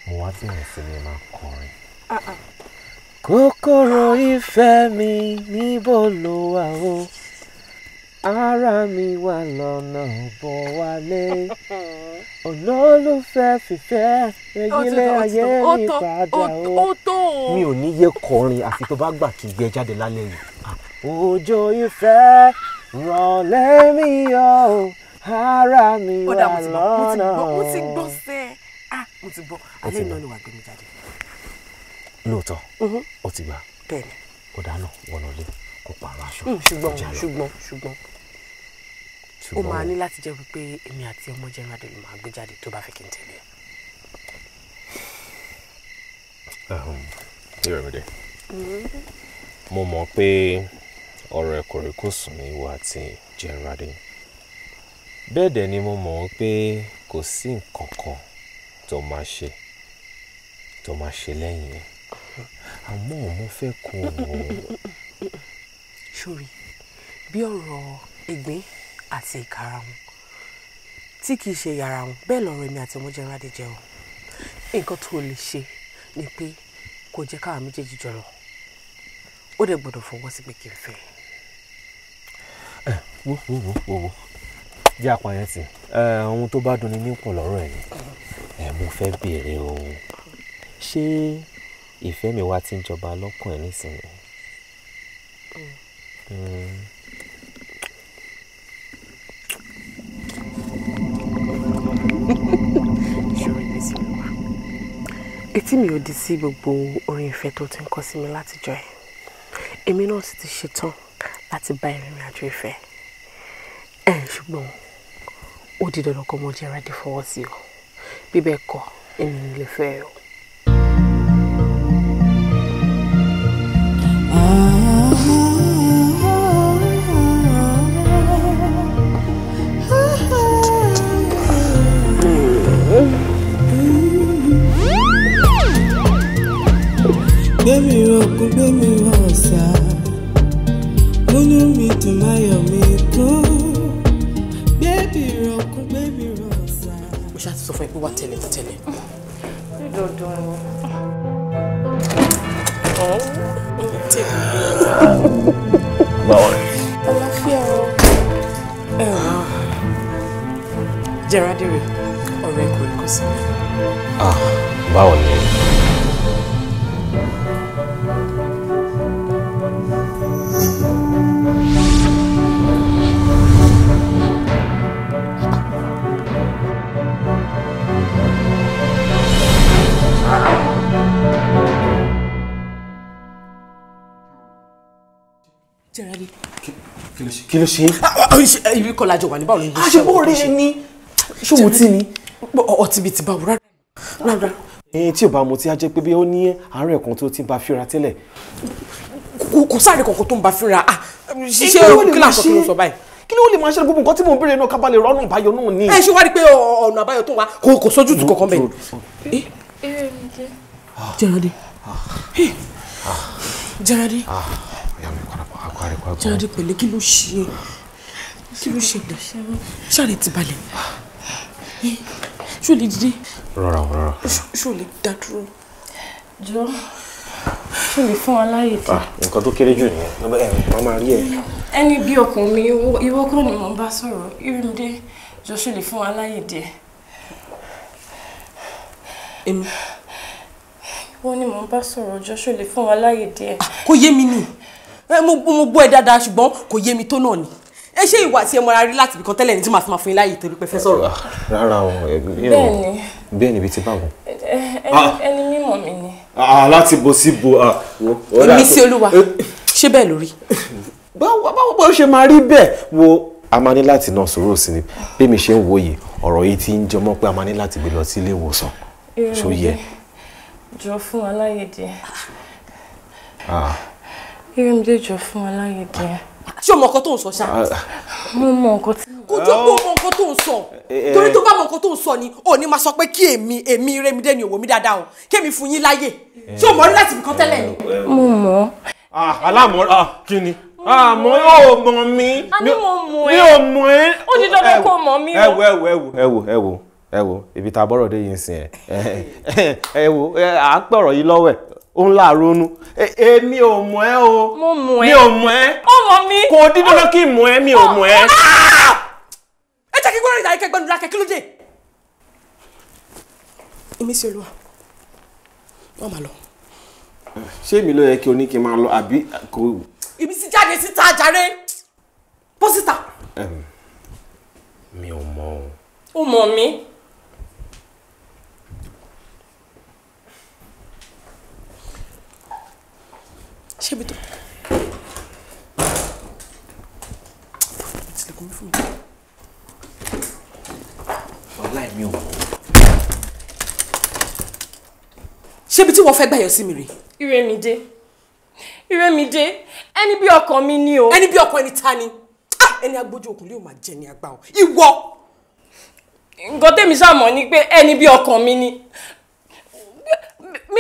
mo wá sí ìsinmi uh-uh. o ara mi wà lọ́nà bọ̀ wálé olólùfẹ́ fìfẹ́ regílé ayé mi o mi ò ní yé kọrin àfi tó bá gbà kí gbé jáde lálẹ́ yìí. Ah, mi o ara mi wà lọ́nà. mo ti gbọ́ sẹ́ ah mo ti gbọ́ alẹ́ iná ni wàá gbé mi jáde. lóòótọ́ mhm. ó ti gbà bẹ́ẹ̀ni kó dáná wọnà lé kó pààrọ̀ aṣọ. Mm, ṣùgbọ́n ṣùgbọ́n ṣùgbọ́n ó máa ní láti jẹ́ wípé èmi àti ọmọ jẹ́rìn adé ló máa gbé jáde tó bá fẹ́ kí n tẹ̀lé ẹ. ìrẹ̀mìdẹ̀ ehm, mm-hmm. mo mọ̀ pé ọ̀rọ̀ ẹ̀kọ́ rẹ̀ kò sùn ní ìwà àti jẹ́rìn adé bẹ́ẹ̀ dẹ̀ ni mo mọ̀ pé kò sí nǹkan kan tó máa ṣe tó máa ṣe lẹ́yìn ẹ̀ àmọ́ mo fẹ́ kó o. sori bí ọ̀rọ̀ ìgbín àti ìkara wọn tí kì í ṣe yàrá wọn bẹ́ẹ̀ lọ́rọ̀ èmi àti ọmọ jẹun adìjẹ wọn nǹkan tó lè ṣe ni pé kò jẹ́ káwọn méjèèjì jọrọ ó dẹ̀ gbọ́dọ̀ fọwọ́ sí pé kí n fẹ́. ẹ wo wo wo wo jẹ́ àpàyàn tì ohun tó bá dunni ní pọ̀ lọ́rọ̀ ẹ̀ ni mo fẹ́ béèrè o ṣé ìfẹ́ mi wá ti ń jọba lọ́kàn ẹ̀ nísìnyí. Hmm. etí mi ò di sí gbogbo orin ìfẹ́ tó ti ń kọ sí mi látijọ́ ẹ̀ èmi náà sì ti ṣetán láti bá ìrìn àjò ìfẹ́ ẹ̀ ṣùgbọ́n ó di dandan kọ́ mọ jẹ́ ready fọwọ́ sí o bí bẹ́ẹ̀ kọ́ èmi ń lè fẹ́ o. gbẹ̀mí okun gbẹ̀mí ọ̀sà múnú mi dùn máyọ̀ mi kún gbẹ̀mí rọ ṣáà ti sọ fún ẹ pé tẹ́lẹ̀ tẹ́lẹ̀. dídòdò ni. ṣe. Ah, ah, eh, ibi kọ́ lajọ wà ní báwo ni mo ṣe. àṣepọ̀ rẹ ni ṣòwò tí ni. ọtí bíi ti bá wúrà rárá. ẹyin tí ò bá mu tí a jẹ pé bí ó ní àárẹ̀ kan tó ti bá fíra tẹ́lẹ̀. kò sáré kankan tó ń bá fíra ah, ṣiṣẹ́ kílàsì kí ló sọ báyìí kí ló lè máa ṣe gbogbo nǹkan tí mò ń béèrè náà ká ba lè rọ́nà àbáyọ náà ni. ẹ ṣe wá rí i pé ọ̀nà àbáyọ tó wà kò kò sójú kankan bẹ́ẹ̀. Eh? Eh, Jẹ́rọ̀dé Jẹ́rọ̀dé àríkọ́gbọ́n. jáde pẹ̀lú kí ló ṣe é kí ló ṣẹlẹ̀ ṣáà lè ti balẹ̀ ṣó lè dìde. rọra rọra. ṣó lè dá dúró. jọ ṣó lè fún wa láàyè tí. Ah, nǹkan tó kéré jù nìyẹn ló bẹ ẹ wọn máa rí ẹ. ẹni bí ọkùnrin mi ìwọ kọ́ ni mò ń bá sọ̀rọ̀ irúndé jọ ṣó lè fún wa láàyè díẹ̀. èmi. wọ́n ní mò bá sọ̀rọ̀ jọ ṣó lè fún wa láàyè díẹ̀. kò yé mi nì ẹ eh, mo mo gbọ́ ẹ dáadáa ṣùgbọ́n kò yé mi tó náà ni ẹ ṣe ìwà tí ẹ mọra rí láti ibìkan tẹ́lẹ̀ ní tí màá fi máa fún yín láàyè torí pé fẹ́ sọ̀rọ̀. Ah, rárá o bẹ́ẹ̀ni bẹ́ẹ̀ni bíi ti báwo. Eh, ah. ẹni mímọ̀ mi ni. Ah, láti bo sí bo. èmi sí olúwa eh. ṣé bẹ́ẹ̀ lórí. báwo báwo ṣe máa rí bẹ́ẹ̀ wo a máa ní láti náà sọ̀rọ̀ sí ni bí mi ṣe ń wòye ọ̀rọ̀ yìí ti ń jọmọ́ pé a máa ní láti gbé lọ sí ilé ìwòsàn ṣó yẹ. jọ fún aláyèdè. Irinde jọ fún wa láyé díẹ̀. Ṣé o mọ nǹkan tó ń sọ ṣá? Mo mọ nǹkan tí. Kò jọ pé o mọ nǹkan tó ń sọ. Torí tó bá mọ nǹkan tó ń sọ ni, ò ní máa sọ pé kí èmi èmi Rémídé ni òwò mi dáadáa o. Kémi fún yín láyè. Ṣé o mọ̀ rí láti ibìkan tẹ́lẹ̀ ni? Mo mọ̀. Aláàmọ̀ kí ni? Àmọ́ yóò mọ̀ mí. A ní mo mọ̀ ẹ́. Mi ò mọ̀ ẹ́. Ó ti dandan kó mọ̀ mí o. Ẹ wo ẹ wo ẹ wo ẹ wo ẹ wo ẹ wo ibi tá a bọ̀rọ̀ dé yìí ń sìn ẹ̀. Ẹ wo à ń pẹ̀rọ̀ yìí lọ́wọ́ òun là ronú e, èmi ò mọ̀ ẹ́ o mo mọ̀ ẹ́ mi ò mọ̀ ẹ́ ó mọ̀ mi kò dídúró kí mọ̀ ẹ́ mi ò mọ̀ ẹ́. Ah! Ah! ẹ jẹ́ kí gbọ́dọ̀ ìdáyé kẹgbẹ́nu dákẹ́ kí ló dé. ìmísí olúwa wọ́n máa lọ. ṣé èmi ló yẹ kí o ní kí n máa lọ àbí kò. ìmísí jáde síta jàre bó mi ò mọ̀ o. ó mọ̀ mi. ṣébi tó. tilẹ̀kùn mi fún mi. ọ̀la ẹ̀mí o. ṣébi tí wọ́n fẹ́ gbàyọ̀ sí mi rè. Ìrẹ́mìdé Ìrẹ́mìdé ẹni bí ọkàn mi ni o. ẹni bí ọkàn ẹni ta ni ah, ẹni agbójú òkun yóò máa jẹ ní agbá o ìwọ. nǹkan tèmi ṣàmọ̀ ni pé ẹni bí ọkàn mi ni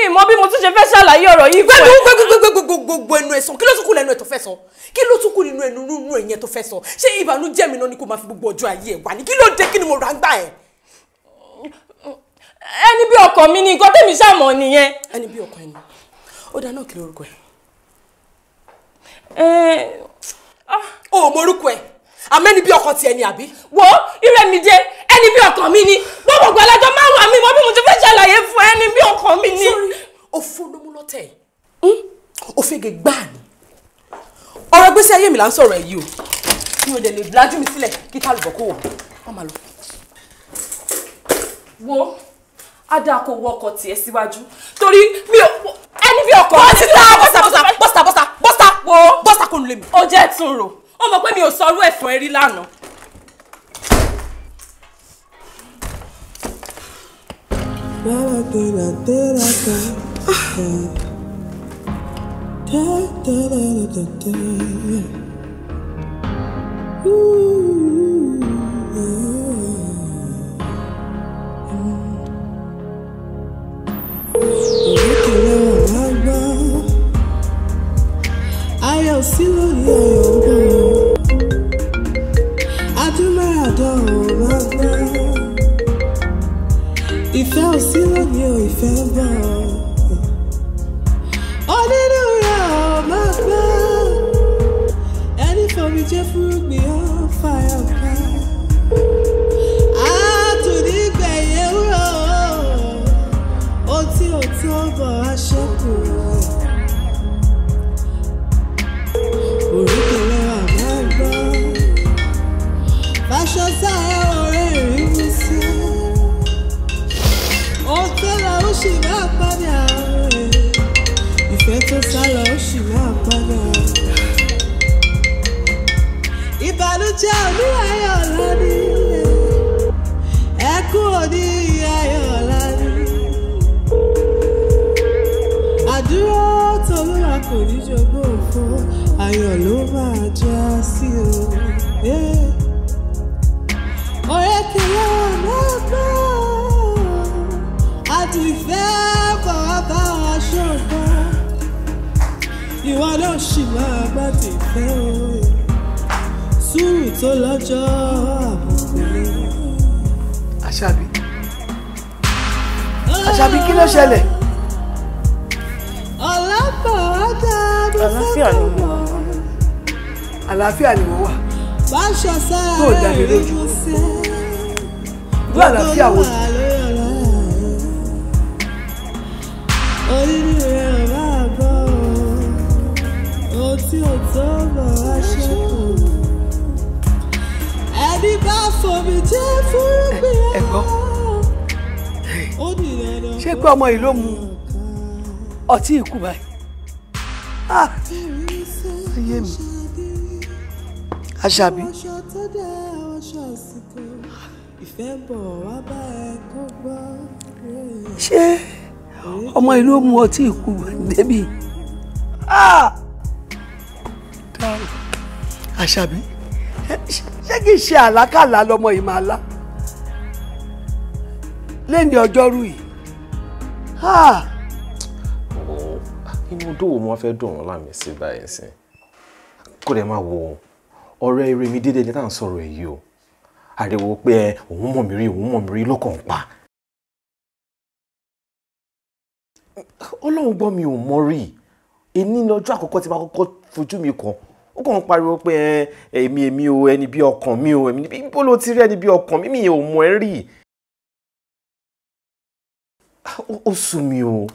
mi mọ bí mo tún ṣe fẹ́ ṣàlàyé ọ̀rọ̀ yìí fún ẹ. gbogbogbogbogbogbo ẹnu ẹ sọ kí ló tún kù lẹnu ẹ tó fẹ́ sọ kí ló tún kù nínú ẹnu nínú ẹ yẹn tó fẹ́ sọ ṣé ìbànújẹ́ mi náà ni kò máa fi gbogbo ọjọ́ ayé ẹ wà ní kí ló dé kí ni mo rà ń gbà ẹ. ẹni bí ọkọ mi ni nǹkan tèmi ṣàmọ̀ nìyẹn. ẹni bí ọkọ ẹni ó dáná kí lórúkọ ẹ. ẹ ah. ò mọ ẹ àmẹ́ni bí ọkàn tiẹ̀ ni àbí. wo irẹ́ mi dé ẹni bí ọkàn mi ni wọ́n mọ̀ gbàlájọ márùn-ún àmì mọ́ bí mo ti fẹ́ ṣàlàyé fún ẹni bí ọkàn mi ni. sori òfò ló mú lọ́tẹ̀ yìí hm? òfegè gbáà ni ọ̀rọ̀ gbèsè ayé mi là ń sọ̀rọ̀ ẹ̀ yìí o mi ò dẹ̀ lè lajú mi sílẹ̀ kí kálùbọ̀ kó wọ̀ wọ́n máa lọ. wo ada kò wọ ọkọ tiẹ̀ síwájú torí mi ò ẹni bí ọkọ. bọ́sà bọ́sà bọ́sà bọ́sà bọ́sà wo bọ́sà kò lè mi. ó jẹ́ tún rò ó mọ̀ pé mi ò sọrú ẹ̀ fún ẹ rí lánàá. Ooh, yeah. ayọ̀ sí lónìí o. ṣàbí. ṣé ọmọ ìlú mu ọtí ikú débi ah! àṣàbí ṣé kìí ṣe àlákàlà lọmọ yìí máa lá lẹ́ni ọjọ́rú yìí ah! inú dòwò mo fẹ́ dùn wọn láàmì sí báyìí sí kó lè má wo òun ọ̀rẹ́ eré mi dédé ni tá à ń sọ̀rọ̀ èyí o ariwo pé ẹ òun mọ̀ mí rí òun mọ̀ mí rí ló kàn ń pa. ọlọ́run gbọ́ mi ò mọ̀ rí èní lọ́jọ́ àkọ́kọ́ tí bá kọ́kọ́ fojú mi kàn ó kàn ń pariwo pé ẹ èmi èmi o ẹni bí ọkàn mi o èmi níbi bó ló ti rí ẹni bí ọkàn mi mi ò mọ̀ ẹ́ rí. ó sú mi o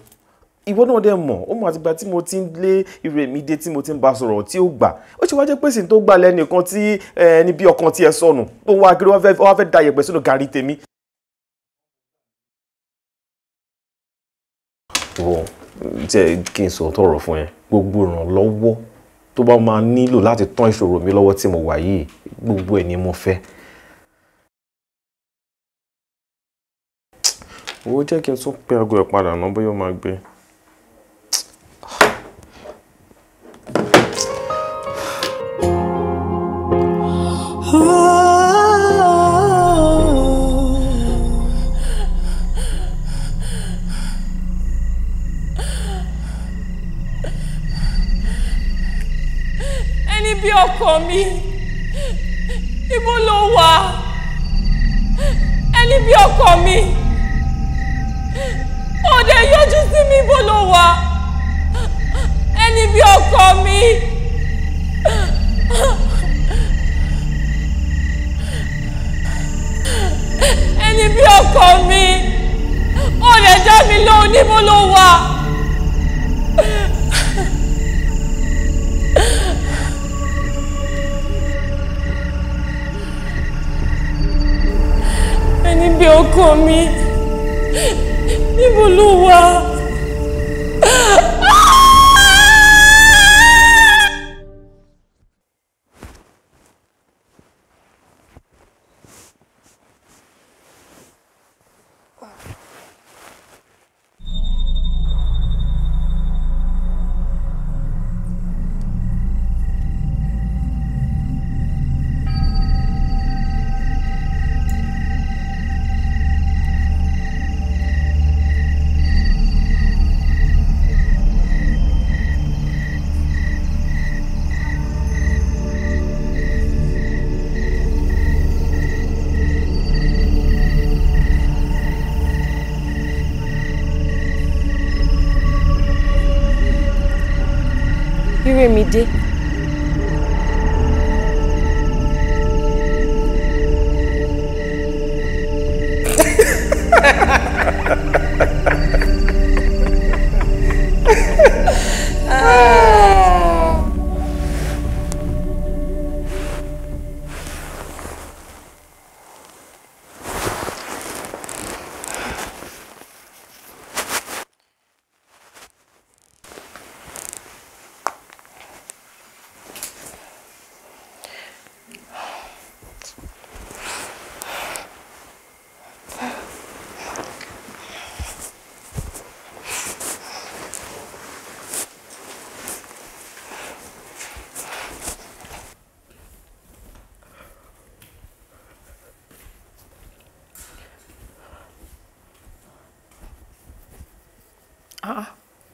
ìwọ náà dẹ̀ mọ̀ ó mọ̀ àtìgbà tí mo ti ń lé ire mi dé tí mo ti ń bá sọ̀rọ̀ tí ó gbà ó ṣe wá jẹ́ pèsè tó gbà lẹ́nìkan tí ẹni bí ọkàn tiẹ̀ sọnù tó wá kiri wá fẹ́ da yẹ̀pẹ̀ sínú gàrí tèmi. wọ jẹ́ kí n sọ tọrọ fún ẹ gbogbo ìrànlọ́wọ́ tó bá máa nílò láti tán ìṣòro mi lọ́wọ́ tí mo wà yìí gbogbo ẹ̀ ni mo fẹ́. owó jẹ́ kí n tún pe aago ẹ̀ padà ná bóyá ó máa gbé. ọkọ mi ibo ló wà ẹni bí ọkọ mi òde yọjú sí mi ibo ló wà ẹni bí ọkọ mi. ẹni bí ọkọ mi ó lè mi lóhùn níbo ló wà. bí ọkọ mi níbo every day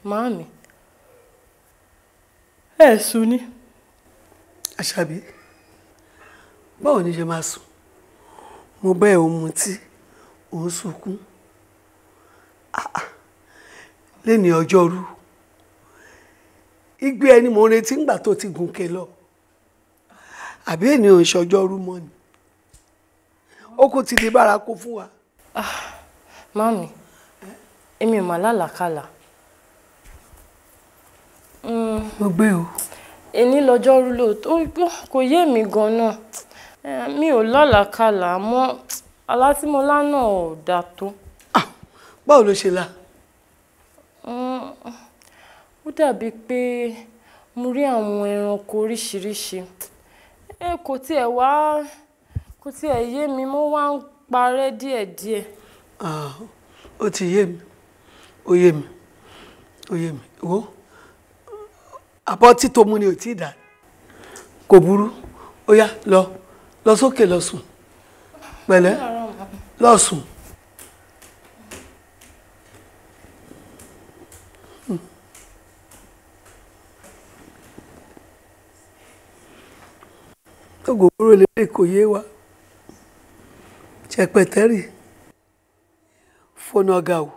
Màámi. Ẹ sùn ni. Àṣàbí, báwo ni ṣe máa sùn? Mo bá ẹ̀ òun mutí, òun sunkún. Léni ọjọ́rú. Igbe ẹni mò retí ńgbà tó ti gùnkè lọ. Àbí ènìyàn ò ń ṣọjọ́rú mọ́ ni. Ó kò ti di bárakú fún wa. Ah, Màámi, èmi ò mà lálàkàlà. Mm. mo gbé o. èní lọ́jọ́ rú lóòótọ́ kò yé mi gan-an mi ò lálàkàlà mọ́ alátìmọ́lá náà ò dáa tó. Ah, báwo ló ṣe la. Mm. ó dàbíi pé mo rí àwọn ẹranko oríṣiríṣi ẹ kò tiẹ̀ wá kò tiẹ̀ yé mi mo wá ń parẹ́ díẹ̀díẹ̀. Ah, ó ti yé mi ó yé mi ó yé mi wo àbọ̀ tí tó mú ni ò tí ì dà kò burú ó yá lọ lọ sókè lọ sùn pẹ̀lẹ́ lọ sùn. ògògóró lérè kò yé wa ṣẹpẹtẹrì fọnà ọgá o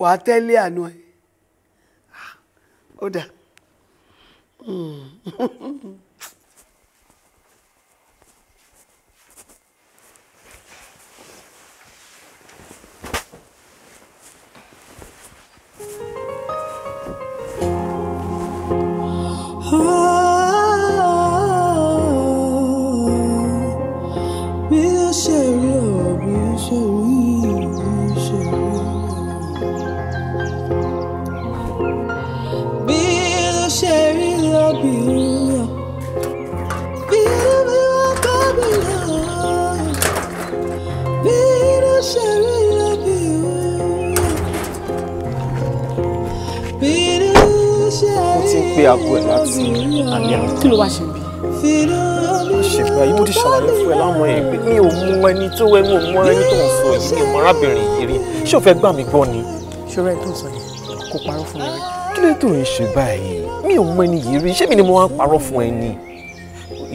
wàá tẹ́lẹ̀ àná ẹ ó dáa. 嗯。ìyàgò ẹ̀ láti alẹ́ àná. kí ló wá ṣe bí? àṣepẹ́ yìí mo ti ṣàlàyé fún ẹ láwọn ẹ̀ pé mi ò mọ ẹni tó wẹ́ mi ò mọ ẹni tó ń sọ yìí mi ò mọ arábìnrin yìí rí ṣé o fẹ́ gbà mí gbọ́ ni. ṣòro ẹ̀ tó sọ yẹn kò parọ́ fún mi rí. kí ló tó ń ṣe báyìí mi ò mọ ẹni yìí rí ṣé mi ni mo wá parọ́ fún ẹ ni.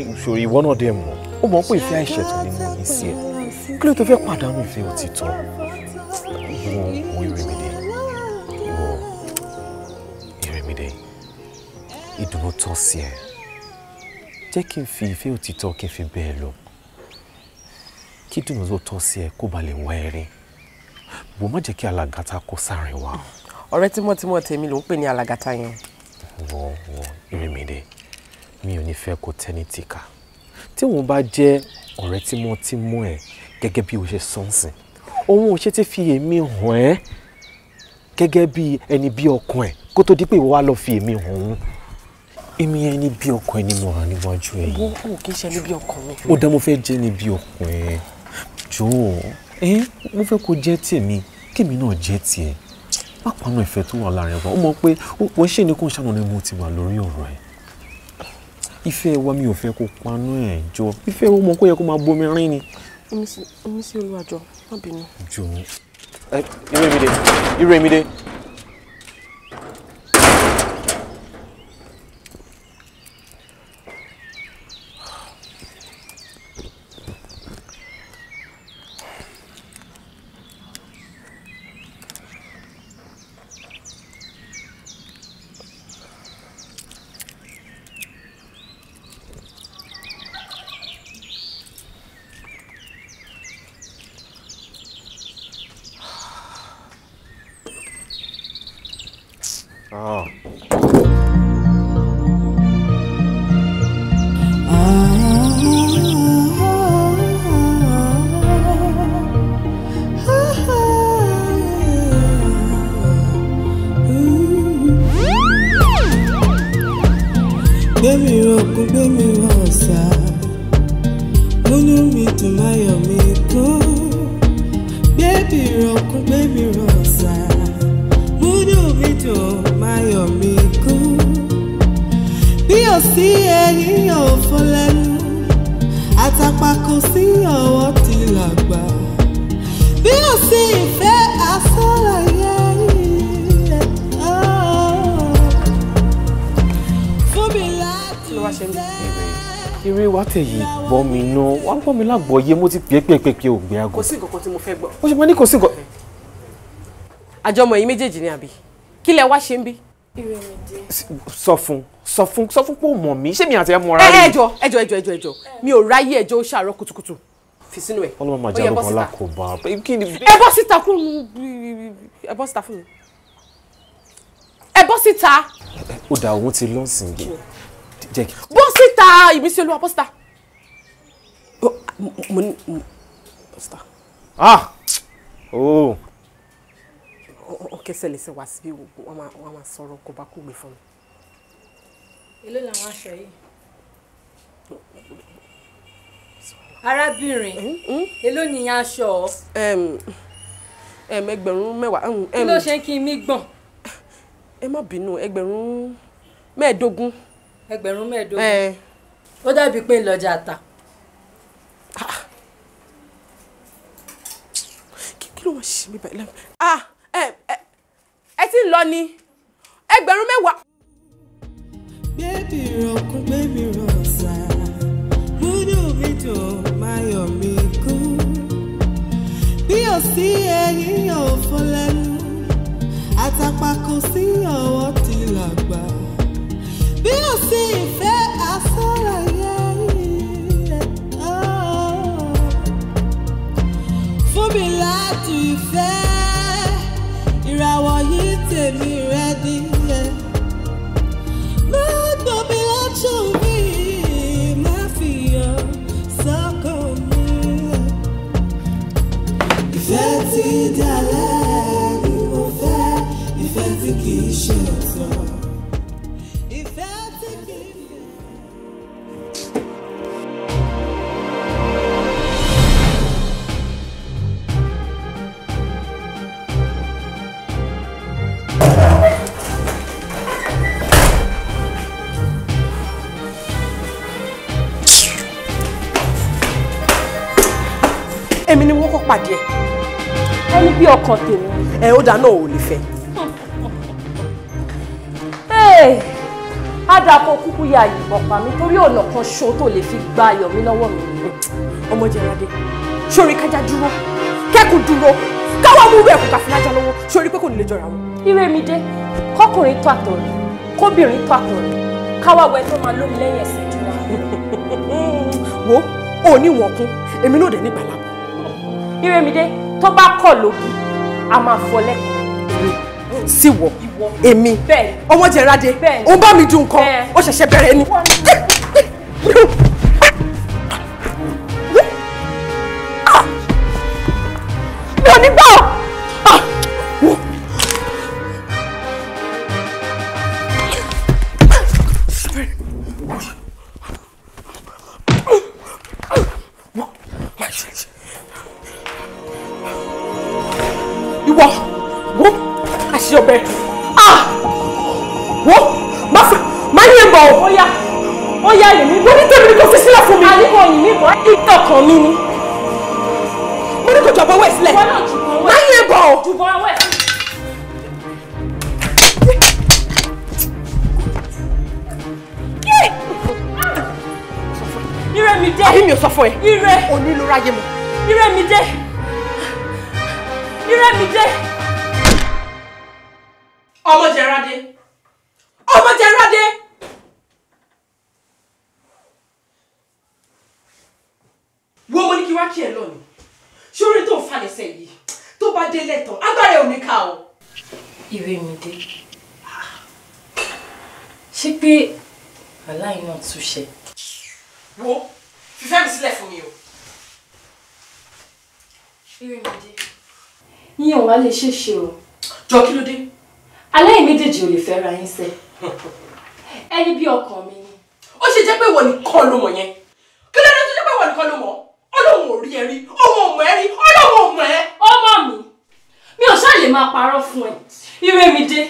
ìṣòro ìwọ náà dẹ̀ mọ̀ ó mọ̀ pé ìfẹ́ àìṣẹ̀tù ni mo ní sí ẹ kí ló tó fẹ́ pàdánù ìfẹ́ òtítọ́. ìdúró tán sí ẹ jẹ́ kí n fi ìfẹ́ òtítọ́ kí n fi bẹ́ẹ̀ lọ kí dùnú tó tán sí ẹ kó ba lè wá ẹ rí bò má jẹ́ kí alàgàtà kó sáàrin wa. ọ̀rẹ́ tímọ́tímọ́ tèmi ló ń pè ní alàgàtà yẹn. wọ́n wọ́n Ìrìnmìdé mi ò ní fẹ́ kó tẹ́ni tìka tí wọ́n bá jẹ́ ọ̀rẹ́ tímọ́tímọ́ ẹ̀ gẹ́gẹ́ bí o ṣe sọ́nsìn òun ò ṣe ti fi èmi hàn ẹ́ gẹ́gẹ́ bí ẹni bí ọkàn ẹ̀ kó tó di pé ìwọ wá lọ fi èmi hàn òun èmi yẹn ní bí ọkọ ẹ ni mo hàn níwájú ẹ yìí. o kì í ṣe ní bí ọkọ mi. ó dá mo fẹ́ jẹ́ ní bí ọkọ ẹ jọ̀ọ́ ẹ mo fẹ́ kó jẹ́ tèmi kémi náà jẹ́ tiẹ̀ má panu ìfẹ́ tó wà láàrin wa ó mọ̀ pé wọ́n ṣe ni kò ń ṣàmùlẹ̀ mo ti wà lórí ọ̀rọ̀ ẹ̀ ìfẹ́ wa mi ò fẹ́ kó panu ẹ̀ jọ ìfẹ́ wo mọ̀ kó yẹ kó máa bomi rin ni. omi sí olúwa jọ má bínú. jọ̀ọ́ ẹ irú èmi dé irú èmi dé. mi lágbọ̀ọ́yé mo ti pè pé pé pé kò sí nǹkan kan tí mo fẹ́ gbọ́. ó ṣe mo ní kò sí nǹkan. àjọmọ̀ yìí méjèèjì ni àbí kí lẹ wá ṣe ń bí. sọ fún sọ fún sọ fún pé ó mọ̀ mí ṣé mi àti ẹ mọ̀ra rí. ẹjọ ẹjọ ẹjọ ẹjọ ẹjọ mi ò ráyè ẹjọ ó ṣàárọ̀ kùtùkùtù fi sínú ẹ. ọlọ́mọ máa jábọ̀ kan lákòóbá. ẹ bọ́ síta kún un síta fún mi ẹ síta. ó dà òun ti lọ́sìn jẹ́ bọ́ síta ìmísí olúwa bọ́ síta mo ní sista. ah, ah! ooo. Oh. ó kẹsẹ̀ lè ṣe wá síbí wọ́n máa sọ̀rọ̀ kó bá kúgbe fún mi. èló làwọn aṣọ yìí. arábìnrin hmm? Hmm? èló ni aṣọ ọ. ẹgbẹ̀rún mẹ́wàá. kí ló ṣe kí n mí gbọ̀n. ẹ má bínú ẹgbẹ̀rún mẹ́ẹ̀ẹ́dógún. ẹgbẹ̀rún mẹ́ẹ̀ẹ́dógún. ó dàbí pé ń ta. wọ́n ṣì bẹ̀rẹ̀ lẹ́nu ah ẹ ẹ ẹ ti ń lọ ni ẹgbẹ̀rún mẹ́wàá. bébì rọkún bébì rọ̀ṣà múdù mi dùn máyọ̀ mi kú bí ò sí ẹyin ò fọ́ lẹ́nu àtàpà kò sí ọwọ́ ti làgbà bí ò sí ìfẹ́ àsọ̀rọ̀ yìí. àti ìfẹ́ ìràwọ̀ yìí tèmi rẹ dílé. má gbọ́mi lọ́jọ́ mi má fi hàn sọ́kàn mi. ìfẹ́ ti dalẹ̀. pàdé ẹ ẹni bí ọkàn tèmi ẹ ó dáná ò lè fẹ́. ádàkọ kúkú ya ìbọn pa mi torí ọ̀nà kan ṣo tó lè fi gba ayọ̀ mi lọ́wọ́ mi ọmọ jẹrade sórí kájá dúró kẹ́kùn dúró káwọn mú bẹ́ẹ̀ kó ká fi lájà lọ́wọ́ sórí pé kò ní lè jọra wọn. ire mi dé kọkùnrin tó àtọ̀rẹ́ kóbìnrin tó àtọ̀rẹ́ káwá wẹ tó máa lómi lẹ́yìn ẹsẹ̀ jù wá. wo òní wọn kún èmi náà dé ní gbàlábà. Ìrẹ̀mídé tó bá kọ̀ lókì a máa fọ lẹ́kọ̀ọ́ sí wọ èmi ọmọ jẹrade òun bá mi dùn nǹkan ó ṣẹ̀ṣẹ̀ bẹ̀rẹ̀ ni. mi ò ní gbọ́. to your bedroom. Ah! what? máa fi máa ní ẹ̀bọ̀ o. Ó yá ó you èmi. Mo ní tèmi ni kò fi sílẹ̀ fún mi. Àníkò yìí mi bọ̀. Ìtàn kan mi ni. Mo ní kò jọ̀bọ̀ wẹ̀ sílẹ̀. Wọ́n náà jùbọ̀ wẹ̀. Máa ní ẹ̀bọ̀ o. Jùbọ̀ wẹ̀ sílẹ̀. Ire mi dé. Ayé mi ò sọ fún ẹ. Ire. Onílùú ráyé mi. Ire mi dé. Ire mi dé ọmọjẹrade ọmọjẹrade. wo mo ní kí wá kí ẹ lónìí ṣé orin tó ń falẹ̀ sẹ́ yìí tó bá délé tán agbára ẹ̀ ò ní ká o. ìwé mi dé ṣé pé aláì náà tún ṣe. wo fífẹ́ mi sílẹ̀ fún mi o. ìwé mi dé. yíyan wa lè ṣèṣe o. jọ kí ló dé aláì méjèèjì ò lè fẹ́ ra yín sẹ́ ẹni bí ọkàn mi ni ó ṣe jẹ́ pé wọ́n nìkan ló mọ̀ yẹn kí ló dé tó jẹ́ pé wọ́n nìkan ló mọ̀ ọlọ́run ò rí ẹ rí òun ò mọ̀ ẹ rí ọlọ́run ò mọ̀ ẹ. ọmọ mi mi ò ṣáà lè máa parọ́ fún ẹ ire mi dé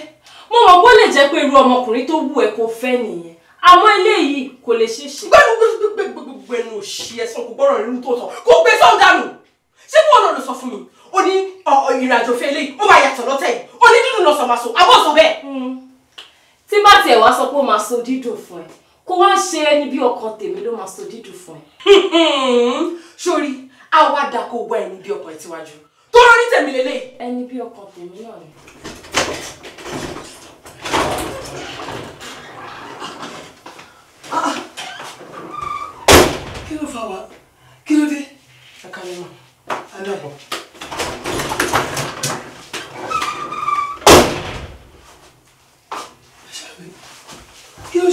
mo mọ̀ pé ó lè jẹ́ pé irú ọmọkùnrin tó wù ẹ kó fẹ́ nìyẹn àmọ́ eléyìí kò lè ṣeé ṣe. gbẹ́nu gbẹ́nu òṣì ẹ̀sán kò sọ ó ní ìrìnàjò fẹ́ lẹ́yìn ó máa yàtọ̀ lọ́tẹ̀ yìí ó ní dídùn lọ́sàn máa so àbọ̀ sọ bẹ́ẹ̀. Hmm. tí bá tiẹ̀ wá sọ pé ó máa so dídùn fún ẹ kó wá ṣe ẹni bí ọkàn tèmi ló máa so dídùn fún ẹ. Hmm. sórí àwàdà kò wá ẹni bí ọkàn ẹ tíwájú tó rọ ní tèmi lélẹ̀. ẹni bí ọkàn tèmi náà ni. kí ló fà wá kí ló dé. ẹ kàn mí mọ. ẹ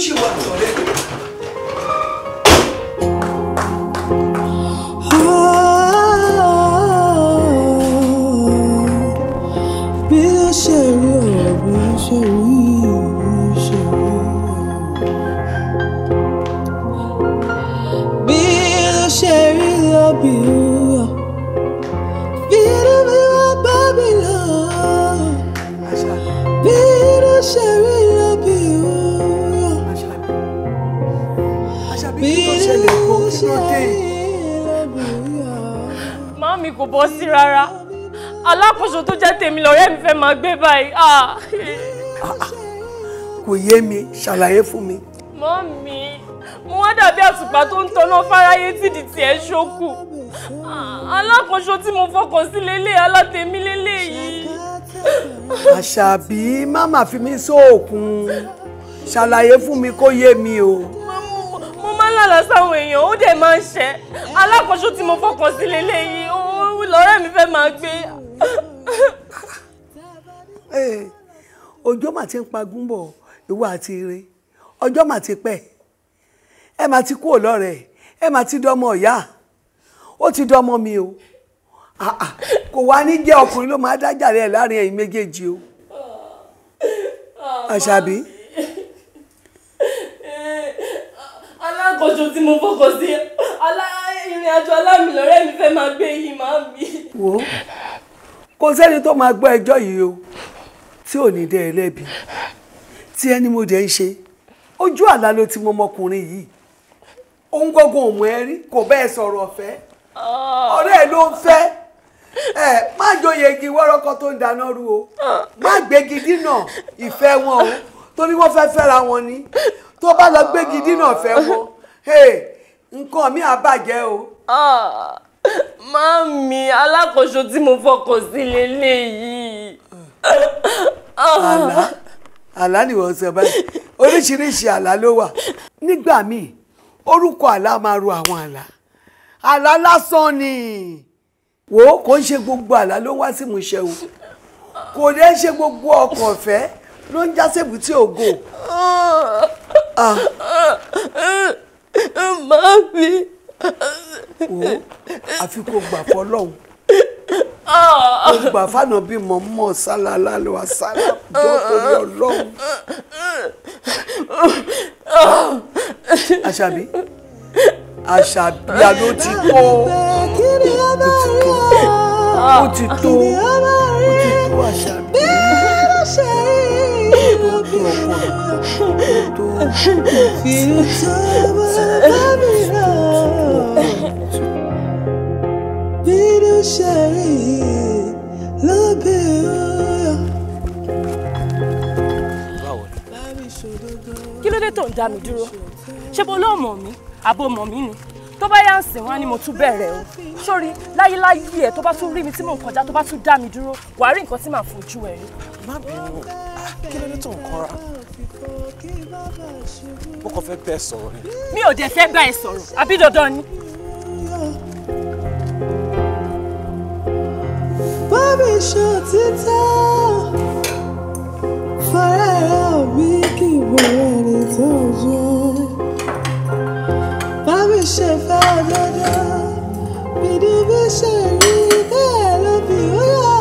我去过。mi kò bọ́ sí rárá alákòóso tó jẹ́ tèmi lọ́rẹ́ mi fẹ́ máa gbé báyìí. Ah. kò yé mi ṣàlàyé fún mi. mọ́mì mo wá dàbí àtùpà tó ń tanná fáráyé tìdí tiẹ̀ ṣókù ah, alákòóso tí mo fọkàn sí lélẹ̀ alátẹ̀mí lélẹ̀ yìí. àṣàbí má má fi mí sóòkun ṣàlàyé fún mi kó yé mi o. mo máa ń lálàá sáwọn èèyàn ó dẹ̀ máa ń ṣe alákòóso tí mo fọkàn sí lélẹ̀ yìí lọ́rẹ́ mi fẹ́ máa gbé. Eh, ọjọ́ ti ń pa gúnbọ̀ ìwọ àti ire ọjọ́ mà ti pẹ́ ẹ ma ti kúrò ẹ ma ti dọ́mọ ìyá ó ti dọ́mọ mi o ah, ah, kò wá ní jẹ́ ọkùnrin ló máa dájà rẹ̀ láàrin ẹ̀yìn méjèèjì o ah, àṣàbí. ìrìn àjò alámìlọ́rẹ́ mi fẹ́ máa gbé yìí máa ń bí. wo kò sẹ́ni tó máa gbọ́ ẹjọ́ yìí o tí ò ní dẹ́ ẹlẹ́bi tí ẹni mo dẹ̀ ń ṣe ojú àlá ló ti mọ ọmọkùnrin yìí òun gbọ́ngàn òun ẹ rí kò bẹ́ẹ̀ sọ̀rọ̀ ọ̀fẹ́ ah. ọ̀rẹ́ ẹ ló ń fẹ́ ẹ má joyè igi wọ́rọ́kọ tó ń dáná rú o má gbégi dínà ìfẹ́ wọn o torí wọ́n fẹ́ fẹ́ra wọn ni tó bá lọ gbégi dínà fẹ́ wọn nǹkan mi àbàjẹ́ o Ah, mami, alákòóso tí mo fọkàn sí leléyìí. Ah. Àlá àlá ni wọ́n sọ báyìí. Oríṣiríṣi àlá ló wà. Nígbà míì, orúkọ àlá máa ro àwọn àlá. Àlá lásán ni. Wò ó kò ń ṣe gbogbo àlá ló wá sí ìmúṣẹ o. Kò dé ṣe gbogbo ọkọ̀ ọ̀fẹ́ ló ń jásẹ̀bù tí ò gò. Ah. Mami wo àfi kò gbà fọ́ lọ́hùn ó gbà fáànà bí mọ̀ mọ̀ sálálá ló wà sálá jọ́ torí àṣàbí àṣàbí àló ti kó ó ti tó ó ti tó àṣàbí ó tó ọkọ tó tó ṣẹ̀rí lábẹ́ ọ̀yà. báwo ni. kí ló dé tó ń dá mi dúró ṣé bó ló mọ̀ mí àbó mọ̀ mí ni tó bá yá ń sìn wá ni mo tún bẹ̀rẹ̀ o sórí láyéláyé ẹ̀ tó bá tún rí mi tí mò ń kọjá tó bá tún dá mi bábí ṣòtítọ́ fọ́rẹ́ òbí kì í wo ẹni tó yẹ bábí ṣe fẹ́ òdodo bìdí bí ṣe rí bẹ́ẹ̀ ló bí ó yọ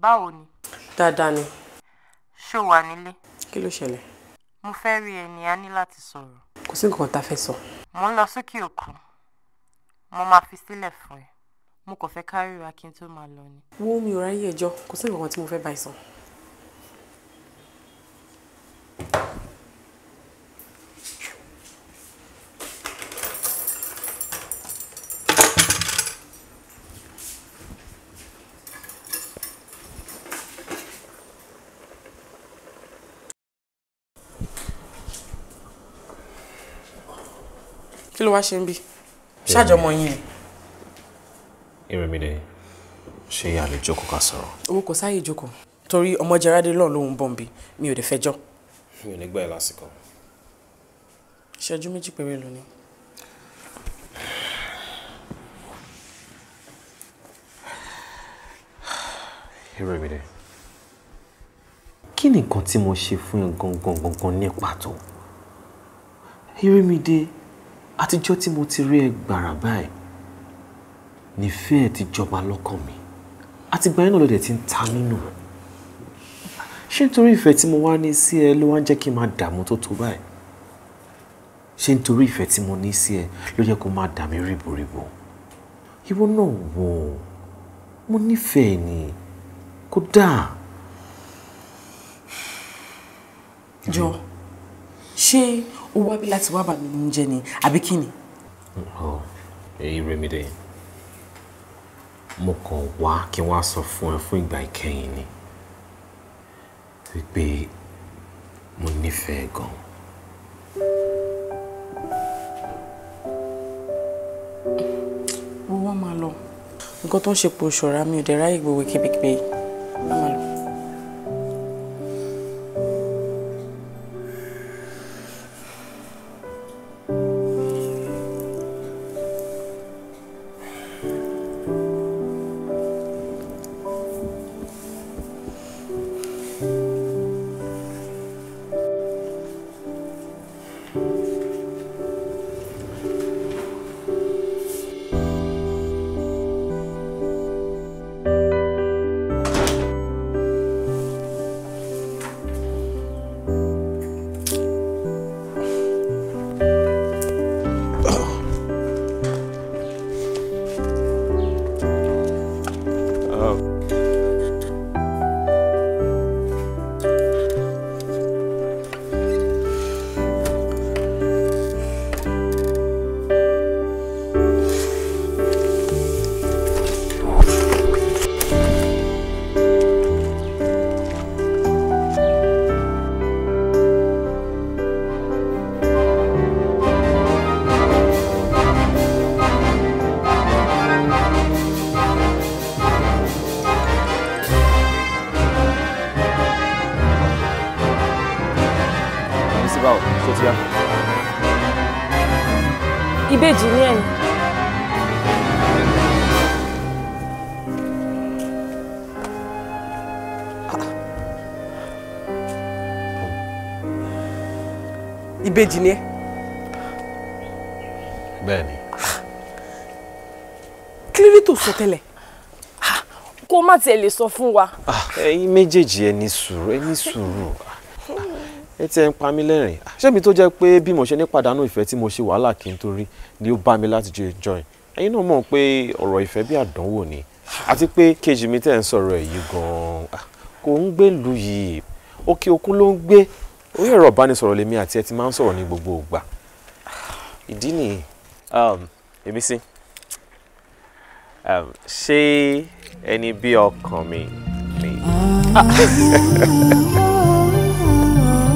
báwo ni. dáadáa ni. ṣó wà nílé. kí ló ṣẹlẹ̀. mo fẹ́ rí ẹni a ní láti sọ̀rọ̀. kò sí nǹkan tá a fẹ́ sọ. mo ń lọ sókè òkun mo máa fi sílẹ̀ fún ẹ mo kàn fẹ́ káríra kí n tó máa lọ ni. wo mi ò ráyè ẹjọ́ kò sí nǹkan tí mo fẹ́ bá sọ. kí ló wá ṣe ń bí ṣáàjọmọ yín ni. Ìrẹ̀mídé ṣé a lè jókòó ká sọ̀rọ̀. owó kò sáàyè jókòó torí ọmọ Jàràdé lọ́n lòún bọ̀ nbí mi ò dé fẹjọ́. mi ò ní gbà ẹ lásìkò. ìṣẹ́jú méjì péré ló ní. Ìrẹ̀mídé kí ni nǹkan tí mo ṣe fún ẹ gangan gangan ní pàtó Ìrẹ̀mídé àtijọ́ tí mo ti rí ẹ gbàrà báyìí nífẹ̀ẹ́ ẹ ti jọba lọ́kàn mi àtìgbà yẹn náà lọ́dẹ̀ ti ń ta nínú ṣé nítorí ìfẹ́ tí mo wá ní sí ẹ ló wá ń jẹ́ kí n máa dààmú tó tó báyìí ṣé nítorí ìfẹ́ tí mo ní sí ẹ ló yẹ kó máa dà ríboríbo ìwọ náà wò ó mo nífẹ̀ẹ́ ni kódà. jọ ṣé ó wá bí láti wá bà mí ní jẹ ni àbí kí ni. èyí Rẹ̀mídé mo kàn wá kí wọ́n á sọ fún ẹ fún ìgbà ni wípé mo nífẹ̀ẹ́ gan. wọ́n máa lọ nǹkan tó ń ṣe pò ṣọ̀rá mi ò dẹ̀ ráyè gbowó kébékébé tíá. ìbejì ni ẹ̀yìn. ìbejì ni ẹ. bẹ́ẹ̀ ni. kí ló dé tó sọ tẹ́lẹ̀ ah, kó má tiẹ̀ lè sọ fún wa. Ah, ẹ̀yin méjèèjì ẹ sùúrù ẹ sùúrù etí ẹ ń pa mí lẹ́rìn ah, ṣébi tó jẹ́ pé bí mo ṣe ní pàdánù ìfẹ́ tí mo ṣe wàhálà kí n tó rí ni ó bá mi láti jẹ join ẹ̀yin náà mọ̀ pé ọ̀rọ̀ ìfẹ́ bí àdánwò ni àti pé kejì mi tẹ̀ ń sọ̀rọ̀ ẹ̀ yìí gan-an ah, kò ń gbé lu yìí òkè òkun ló ń gbé orí ẹ̀rọ ìbánisọ̀rọ̀ lèmi àti ẹ ti máa ń sọ̀rọ̀ ní gbogbo ìgbà ìdí nìyí. Um, èmi sí um, ṣé ẹni bí ọkàn mi ni. Ah.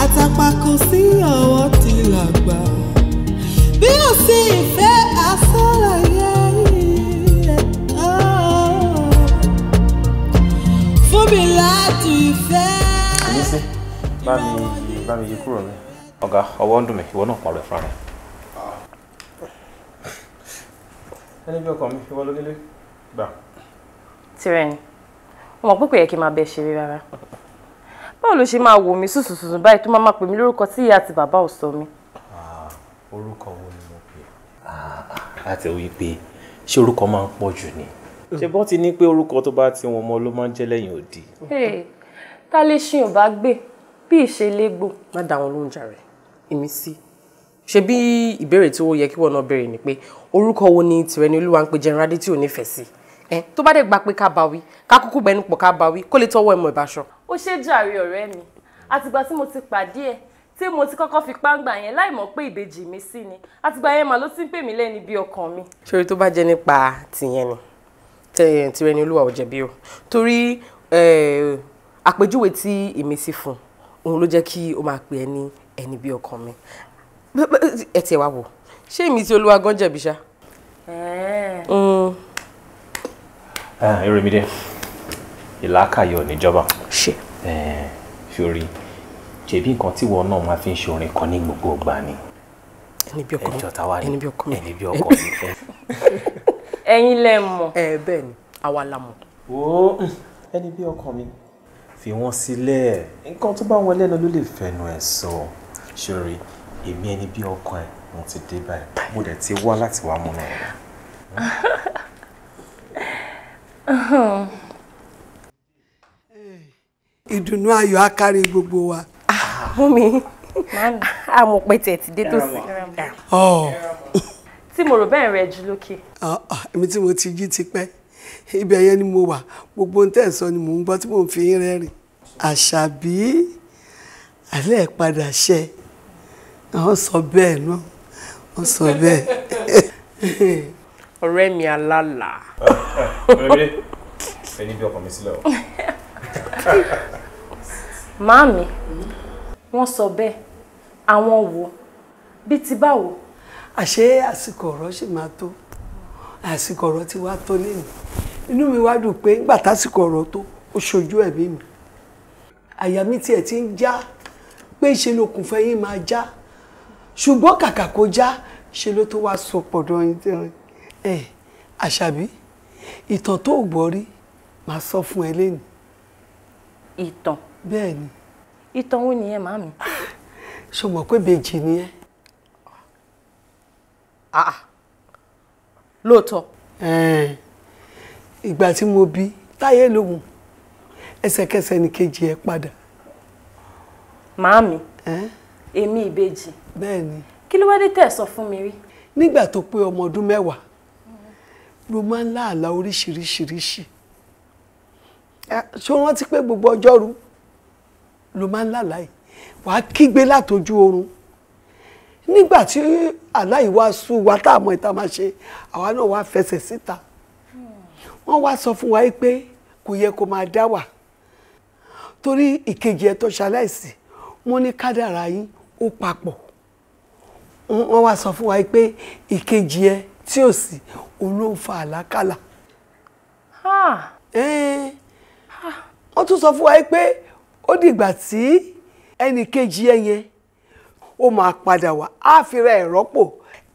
àtàpà kò sí ọwọ́ ti là gbà bí ó sì fẹ́ àsọ̀ràyé ah. fún mi láti ìfẹ́. àníṣe bá mi bá mi yí kúrò mi ọ̀gá ọwọ́ ń dùn mí ìwọ náà pààrọ̀ ẹ̀ fúnra rẹ̀. Ah. ẹni bí ọkọ mi ìwọ ló délé gbà. tirẹ̀ ni mo mọ̀ pé kò kí n máa bẹ ṣeré rárá báwo ló ṣe máa wò mí sùsùsùsù báyìí tó máa máa pè mí lórúkọ tí ìyá àti bàbá ò sọ mi. Ah, orúkọ wo ni mo pè é. Ah, láti wí pé ṣé orúkọ máa ń pọ̀ jù ni. ṣé bọ́n ti ní pé orúkọ tó bá ti wọn mọ ló máa ń jẹ́ lẹ́yìn òdì. ta lè ṣe ò bá gbé bí ìṣe légbò. má dá wọn lóhùn jàre èmi sí ṣe bí ìbéèrè tí ó yẹ kí wọn náà béèrè ni pé orúkọ wo ni tìrẹ ni olúwa ń pe jẹnradé tí ò nífẹ̀ẹ́ sí ẹ eh, tó bá dẹ̀ gbà pé ká bá wí ká kúkú gbẹnu pọ̀ ká bá wí kó lè tọwọ́ ẹ̀mọ ìbáṣọ. ó ṣe jàre ọ̀rẹ́ mi àtìgbà tí mo ti pàdé ẹ tí mo ti kọ́kọ́ fi páńgbà yẹn láì mọ̀ pé ìbejì mi sí ni àtìgbà yẹn mà ló ti ń pè mí lẹ́ni bí ọkàn mi. ṣòro tó bá jẹ nípa tìyẹn ni tìrẹ ni olúwa ò jẹ̀bi o torí àpèjúwe tí ìmísí fún òun ló jẹ́ kí o máa pè ẹ́ ní ẹni bí ọkàn mi Ah, Eremide ìlàkàyọ̀ níjọba ṣe ṣorí ṣèbí nǹkan tí wọn náà máa fi ń ṣorin kan ní gbogbo ọgbà ni ẹni bí ọkọ mi ẹjọ táwa ni ẹni bí ọkọ mi ẹni bí ọkọ mi ẹ̀yin lẹ mọ̀ ẹ bẹ́ẹ̀ ni àwa la mọ̀. wo hm, ẹni bí ọkọ mi fi wọn sílẹ̀ nǹkan tó bá wọn lẹ́nu ló lè fẹnu ẹ sọ ṣorí èmi ẹni bí ọkọ ẹ mo ti dé báyìí mo dẹ̀ ti wá láti wá mú náà. ìdùnnú ayọ̀ á kárí gbogbo wa. mú mi àmọ̀ pé tiẹ̀ ti dé tó sí. tí mo rò bẹ́ẹ̀ rẹ̀ jù lókè. èmi tí mo ti jí ti pẹ́ ibẹ̀ yẹn ni mo wà gbogbo ohun tẹ̀ sọ ni mò ń gbọ́ tí mò ń fi ń rẹ́rìn. àṣàbí alẹ́ padà ṣe wọ́n sọ bẹ́ẹ̀ náà wọ́n sọ bẹ́ẹ̀. ọ̀rẹ́ mi alálà. ẹni bí ọkọ mi sílẹ̀ o. màámi wọ́n sọ bẹ́ẹ̀ àwọn wo bí ti báwo. àṣé àsìkò ọ̀rọ̀ ṣì máa tó àsìkò ọ̀rọ̀ ti wá tó lẹ́nu inú mi wá dùn pé nígbà tásìkò ọ̀rọ̀ tó ó ṣojú ẹ̀mí mi àyà mi tiẹ̀ ti ń já pé ṣe lókùnfẹ́ yín máa já ṣùgbọ́n kàkà kó já ṣe ló tó wá so pọ̀ dán yín ẹ àṣàbí ìtàn tó ò gbọ́ rí màá sọ fún ẹ lẹ́nu. ìtàn. bẹ́ẹ̀ ni. ìtàn wo nìyẹn màámi. ṣo mọ̀ pé bèjì nìyẹn. àà lóòótọ́. ìgbà tí mo bí táyé lòun ẹsẹ̀kẹsẹ̀ ni kejì ẹ padà. màámi èmi ìbejì. bẹ́ẹ̀ ni. kí ló wá dé tẹ̀ sọ fún mi rí. nígbà tó pé ọmọ ọdún mẹ́wàá ló máa ń láàlá oríṣiríṣiríṣi ṣó rántí pé gbogbo ọjọ́rú ló máa ń láàlá yìí wàá kígbe látojú oorun nígbà tí aláìwá sú wa tá a mọ ìta máa ṣe àwa náà wàá fẹsẹ̀ síta wọ́n wá sọ fún wa pé kò yẹ kó máa dá wà torí ìkejì ẹ̀ tó ṣaláìsí ní kádàrá yín ó papọ̀ wọ́n wá sọ fún wa pé ìkejì ẹ̀ tí ò sí òun ló fa àlákàlà. wọ́n tún sọ fún wa pé ó dìgbà tí ẹnì kejì ẹ yẹn ó máa padà wá á fi ra ẹ̀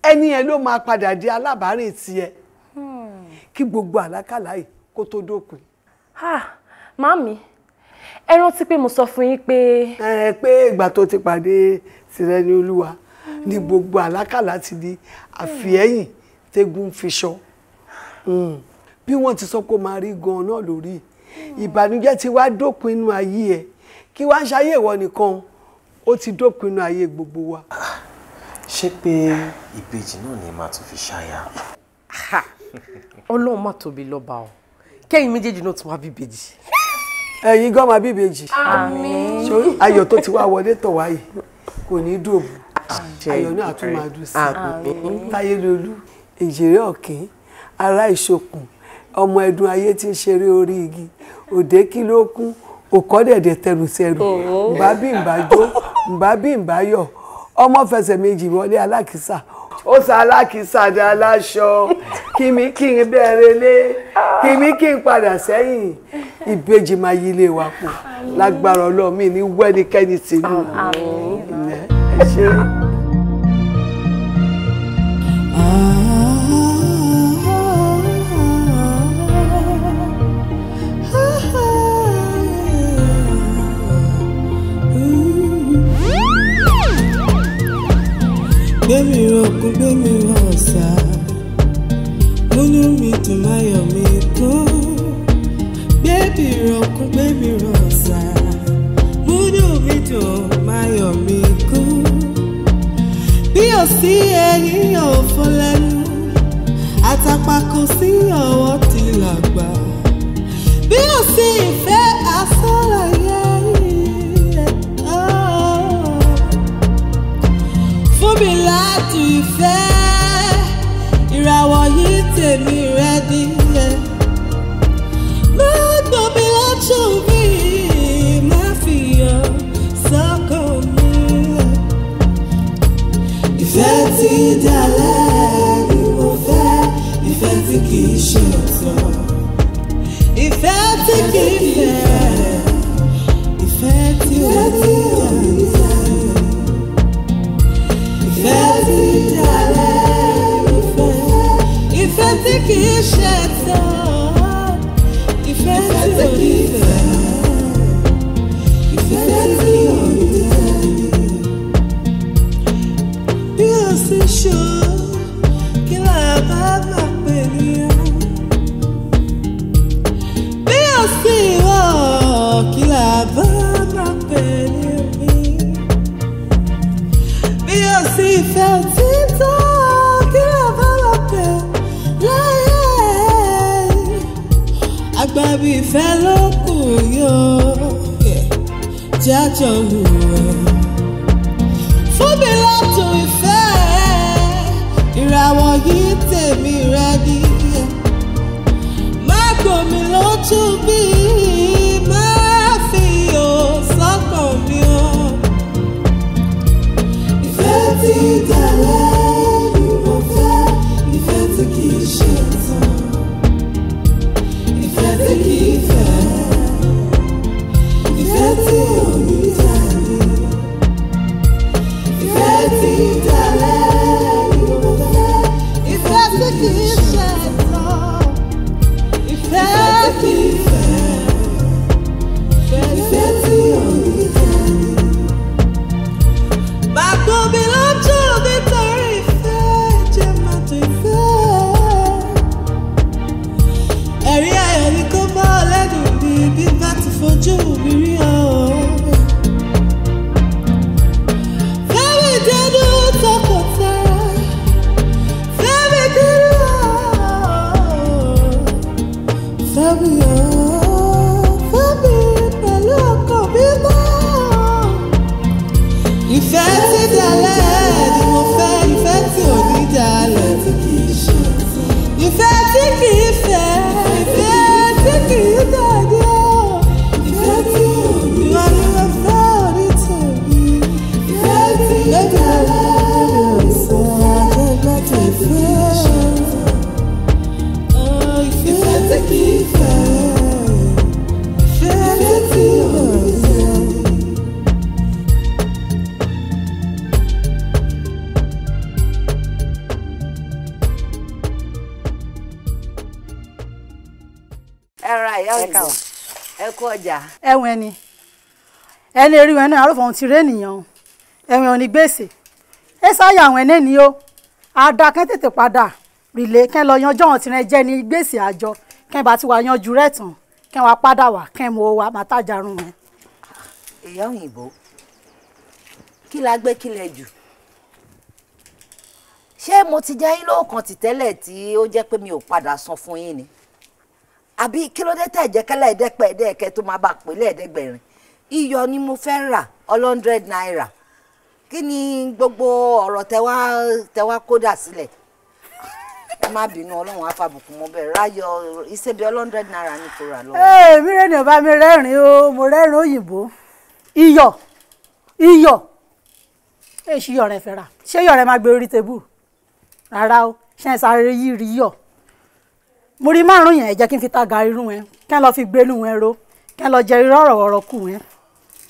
ẹni yẹn ló máa padà di alábàárìn tiẹ̀ hmm. kí gbogbo àlákàlà yìí kó tó dópin. màámi ẹ rántí pé mo sọ fún yín pé. ẹ pé ìgbà tó ti pàdé Tìrẹniolúwa ni hmm. gbogbo àlákàlà ti di hmm. àfihẹ́yìn tẹ́gùn fi ṣọ hmm. bí wọ́n ti sọ pé ó máa rí gan-an náà lórí ìbànújẹ́ ti wá dópin inú ayé ẹ̀ kí wá ń ṣayé ìwọ nìkan ó ti dópin inú ayé gbogbo wa. ṣé pé ìbejì náà ni màá tún fi ṣáyà. ọlọ́run má tóbi lọ́ba o kẹ́yìn méjèèjì náà tún wá bí ìbejì. ẹ̀yin gan máa bí ìbejì. ayọ̀ tó ti wá wọlé tọ̀ wáyé kò ní dòbù ayọ̀ náà tún máa dùn sí i táyé lolú èjìrẹ́ ọ̀kín ará ìṣokùn ọmọ ẹdun ayé tí ń ṣeré orí igi òde kí ló kún òkọ́ dẹ̀dẹ̀ tẹrùtẹrù ǹbá bí ǹbá jó ǹbá bí ǹbá yọ̀ ọmọ fẹsẹ̀ méjì wọlé alákìsà ó sa alákìsà dá aláṣọ kìmí kì í bẹ̀rẹ̀ lé kìmí kì í padà sẹ́yìn ìbejì máa yí ilé wa pọ̀ lágbára ọlọ́mìn ní wẹ́nikẹ́ni tìlú ẹ ṣe. gbẹ̀mí rọ̀kùn gbẹ̀mí rọ̀ọ̀sà múnú mi dùn máyọ̀ mi kún gbẹ̀mí rọ̀kùn gbẹ̀mí rọ̀ọ̀sà múnú mi mi kún bí ò sí ẹyin ò fọ́ lẹ́nu àtàpà kò sí ọwọ́ ti làgbà bí ò sí ìfẹ́ asọ́ra yìí. ìfẹ́ ìràwọ̀ yìí tèmi rẹ nílẹ̀. má gbọ́mi lọ́jọ́ mi má fi yọ sọ́kàn mi. ìfẹ́ tí dalẹ̀ ni mo fẹ́ ìfẹ́ tí kì í ṣe ọ̀tọ̀. ìfẹ́ tí kì fẹ́. kisha saa not kifaa ìfẹ́ ló kù yóò jájọ wù ẹ́. fún mi látò ìfẹ́ ìràwọ̀ yìí tèmi rẹ ní. má gbòmí lójú bí you got to for jewelry. kú ọjà. ẹ̀wọ̀n ẹni ẹni eré wọn náà arúfọ̀ ohun ti rẹ́ ènìyàn o ẹ̀wọ̀n òní gbèsè ẹ sáyà àwọn ẹni ni o adakẹ́ tètè padà rìlé kẹ́ lọ yanjú àwọn tirẹ̀ jẹ́ ní gbèsè àjọ kẹ́ bá ti wà yanjú rẹ̀ tán kẹ́ wàá padà wà kẹ́ mọ wa màtájàrún wọn. ìyá òyìnbó kí la gbé kílẹ̀ jù ṣé mo ti jẹ́ yín lóòkan tìtẹ́lẹ̀ tí ó jẹ́ pé mi ò padà san fún yín ni àbí kí ló dé tẹ̀ jẹ́ kẹ́lẹ́ ẹ̀ẹ́dẹ́pẹ́ ẹ̀ẹ́dẹ́kẹ́ tó máa bá pè lẹ́ẹ̀ẹ́dẹ́gbẹ̀rin iyọ̀ ni mo fẹ́ rà ọlọ́ndrẹ́d náírà kí ni gbogbo ọ̀rọ̀ tẹ́wá tẹ́wá kódà sílẹ̀ ẹ má bínú ọlọ́run afábùkù mo bẹ̀rẹ̀ ráyọ ìṣebí ọlọ́ndrẹ́d náírà ni kò rà lọ́wọ́. ee mi rẹ̀ ní ọba mi rẹ́rìn o mo rẹ́rìn òyìnbó iyọ̀ iyọ̀ èsì yọ̀ rẹ̀ fẹ́ rà ṣé yọ̀ rẹ̀ máa gbé orí tebù rárá o ṣe é sáré yí rí yọ̀ múrí márùn yẹn jẹ́ kí n fi ta gàrí rú wọn kẹ́ ń lọ fi gbélú wọn ro kẹ́ ń lọ jẹ irọ́ ọ̀rọ̀ ọ̀rọ̀ kù wọn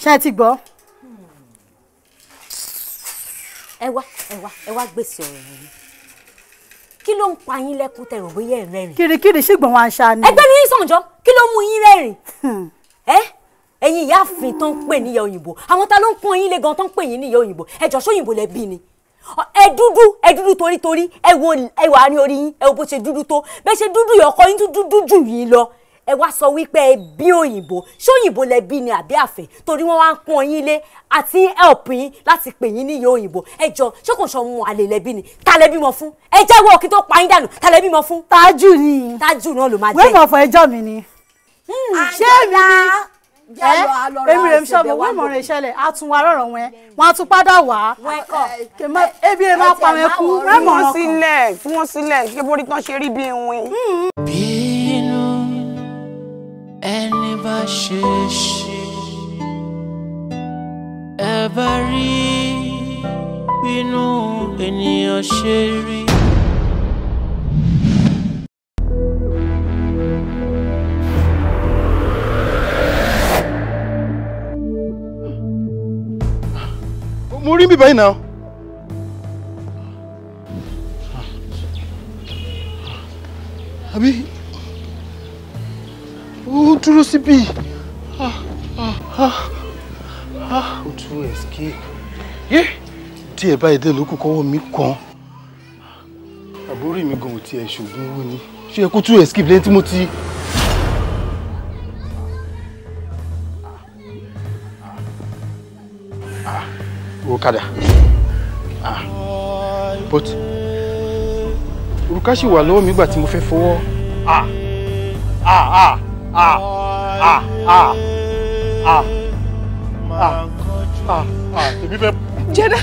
ṣé ẹ ti gbọ́. ẹ wá ẹ wá ẹ wá gbèsè ọ̀rọ̀ yìí kí ló ń pa yín lẹ́kùn tẹ̀rọ bóyá ẹ̀ rẹ́rìn. kirikiri ṣùgbọ́n wọn aṣa ni. ẹgbẹ́ mi yín sànjọ́ kí ló mú yín rẹ́rìn. Hmm. ẹ ẹ̀yin ìyáàfin tó ń pè níyà òyìnbó àwọn ta ló ń pọ́n yín lé gan tó ń pè yín níyà òyìnbó ẹ sóyìnbó lẹ bí ni ẹ dúdú ẹ dúdú torítorí ẹ wo ẹ wà ní orí yín ẹ wo bó ṣe dúdú tó bẹ́ẹ̀ ṣe dúdú yìí ọkọ yín tún dúdú jù yín lọ ẹ wá sọ wípé ẹ bí òyìnbó ṣé òyìnbó lẹ bí ni àbí àfẹ torí wọn wá ń pọn yín lé àti help yín láti pè yín níyì òyìnbó ẹ jọ ṣé kò sọ ohun àlè lẹbí ni ta lẹ bímọ fún ẹ jẹ́wọ́ òkè tó pa yín dànù ta lẹ bímọ fún. tájù ni tájù náà ló máa jẹ wẹ́ẹ̀mọ̀fọ̀ ẹjọ́ mi ni. Hmm, ṣé mi ni èmi rẹ̀ ń ṣọ́bù wọ́n ìmọ̀ràn ìṣẹ̀lẹ̀ á tún wa rọ̀rọ̀ wọn wọn á tún padà wá ebi rẹ̀ máa pa wọn kú wọ́n mọ̀ ọ́n fún wọn sílẹ̀ ṣé borí tán ṣe rí bí win. Hmm. bínú ẹni bá ṣe ṣe ẹ bá rí bínú ènìyàn ṣe rí. mo rí bíbá yìí náà. àbí ó dúró síbí ó tún escape díẹ̀ báyìí dé lókù kọ́wọ́ mi kàn àbórí mi gan ò tiẹ̀ ṣògùn owó ni ṣé ẹ kó tún escape lẹ́yìn tí mo ti. òkàdà ah but òrùka ṣì wà lọ́wọ́ mi gbà tí mo fẹ́ fọwọ́ ah ah ah ah ah ah ah ah ah ah èmi fẹ́. jẹ́dá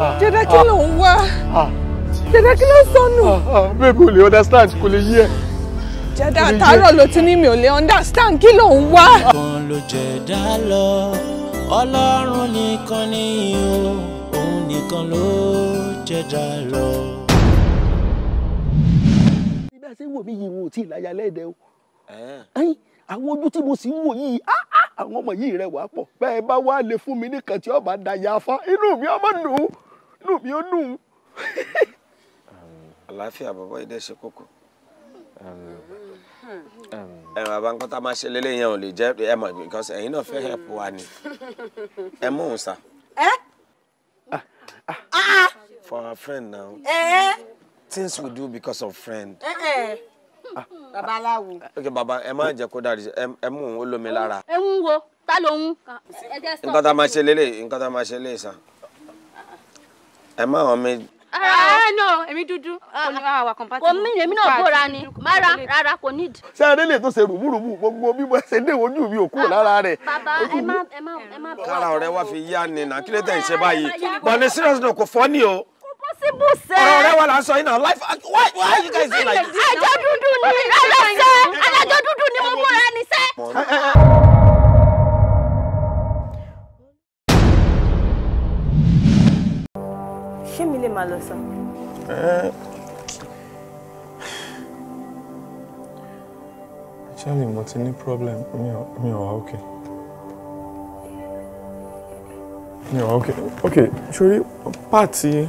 ah, jẹ́dá kí ló ń wá ah, ah. jẹ́dá kí ló sọnù. bẹ́ẹ̀ kò understand kò lè yé ẹ. jẹ́dá àtàárọ̀ ti ní mi ò lè understand kí ló ń wá. kan ló jẹ̀dá ọlọ́run nìkan ni o òun nìkan ló jẹ̀dá lọ. bí bá a ṣe ń wò mí yìí wọn ò tí ì láyà lẹ́ẹ̀dẹ́ o àwọn ojú tí mo sì ń wò yìí àwọn ọmọ yìí rẹwà pọ̀ bẹ́ẹ̀ bá wá lè fún mi nìkan tí ọba da yafa inú mi ọmọ nù ú inú mi ó nù ú. àlàáfíà bàbá yìí kókó ẹ̀rọ àbá nǹkan tá a máa ṣe lélẹ́yìn yẹn ò lè jẹ́ ẹ mọ̀ because ẹ̀yin náà fẹ́ help wa ni ẹ mú òun sá. Ah, ah. Ah, for our friend now eh, eh. things we do because of friend. Eh, babaláwo. ok baba ẹ má jẹ́ kó dàrí ẹ mú òun ó lómi lára. ẹ ń wo ta ló ń. nǹkan tá a máa ṣe lélẹ́yìn nǹkan tá a máa ṣe lélẹ́yìn sá ẹ má hàn mí. Ah, no emi dudu. Ah, kò ní àwà ah, compatible. kò mí èmi náà bóra ni mara rara kò need. ṣé adé lè tó ṣe rùmùrùmù gbogbo bí mo ṣe déwọ ojú mi ò kúrò lára rẹ. bàbá ẹ má ẹ má ẹ má bọ̀. kára ọ̀rẹ́ wa fi yá ni na kí ló tẹ̀ ń ṣe báyìí but ní serious náà kò fọ́ o. ọ̀rọ̀ wa la ń sọ yín náà life why why you guys dey like this. àjọ dúdú ni aláṣẹ alájọ dúdú ni mo múra ni sẹ́. mi lè máa lọ sàn. Charlie mo ti ní problem mi ò wá okay. mi ò okay okay sori party.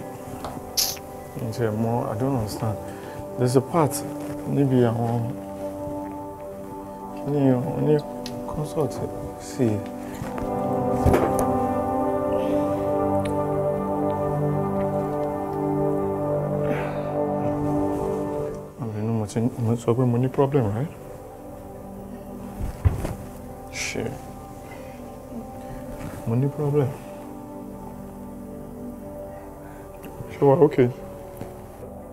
ǹjẹ́ mo I don't understand There's a part níbi àwọn ní oní consult See. sì mo sọ pé problem right. Shit. Money problem. Sure, uh, okay.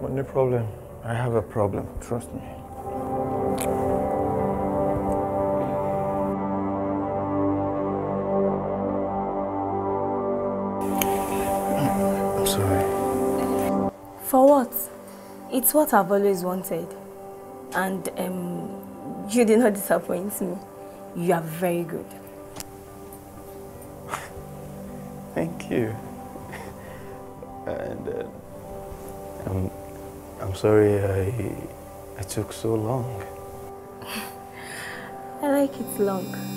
Money problem. I have a problem trust me. I'm sorry. For what? It's what I've always wanted and um, you did not disappoint me. You are very good. Thank you. and uh, I'm, I'm sorry I, I took so long. I like it long.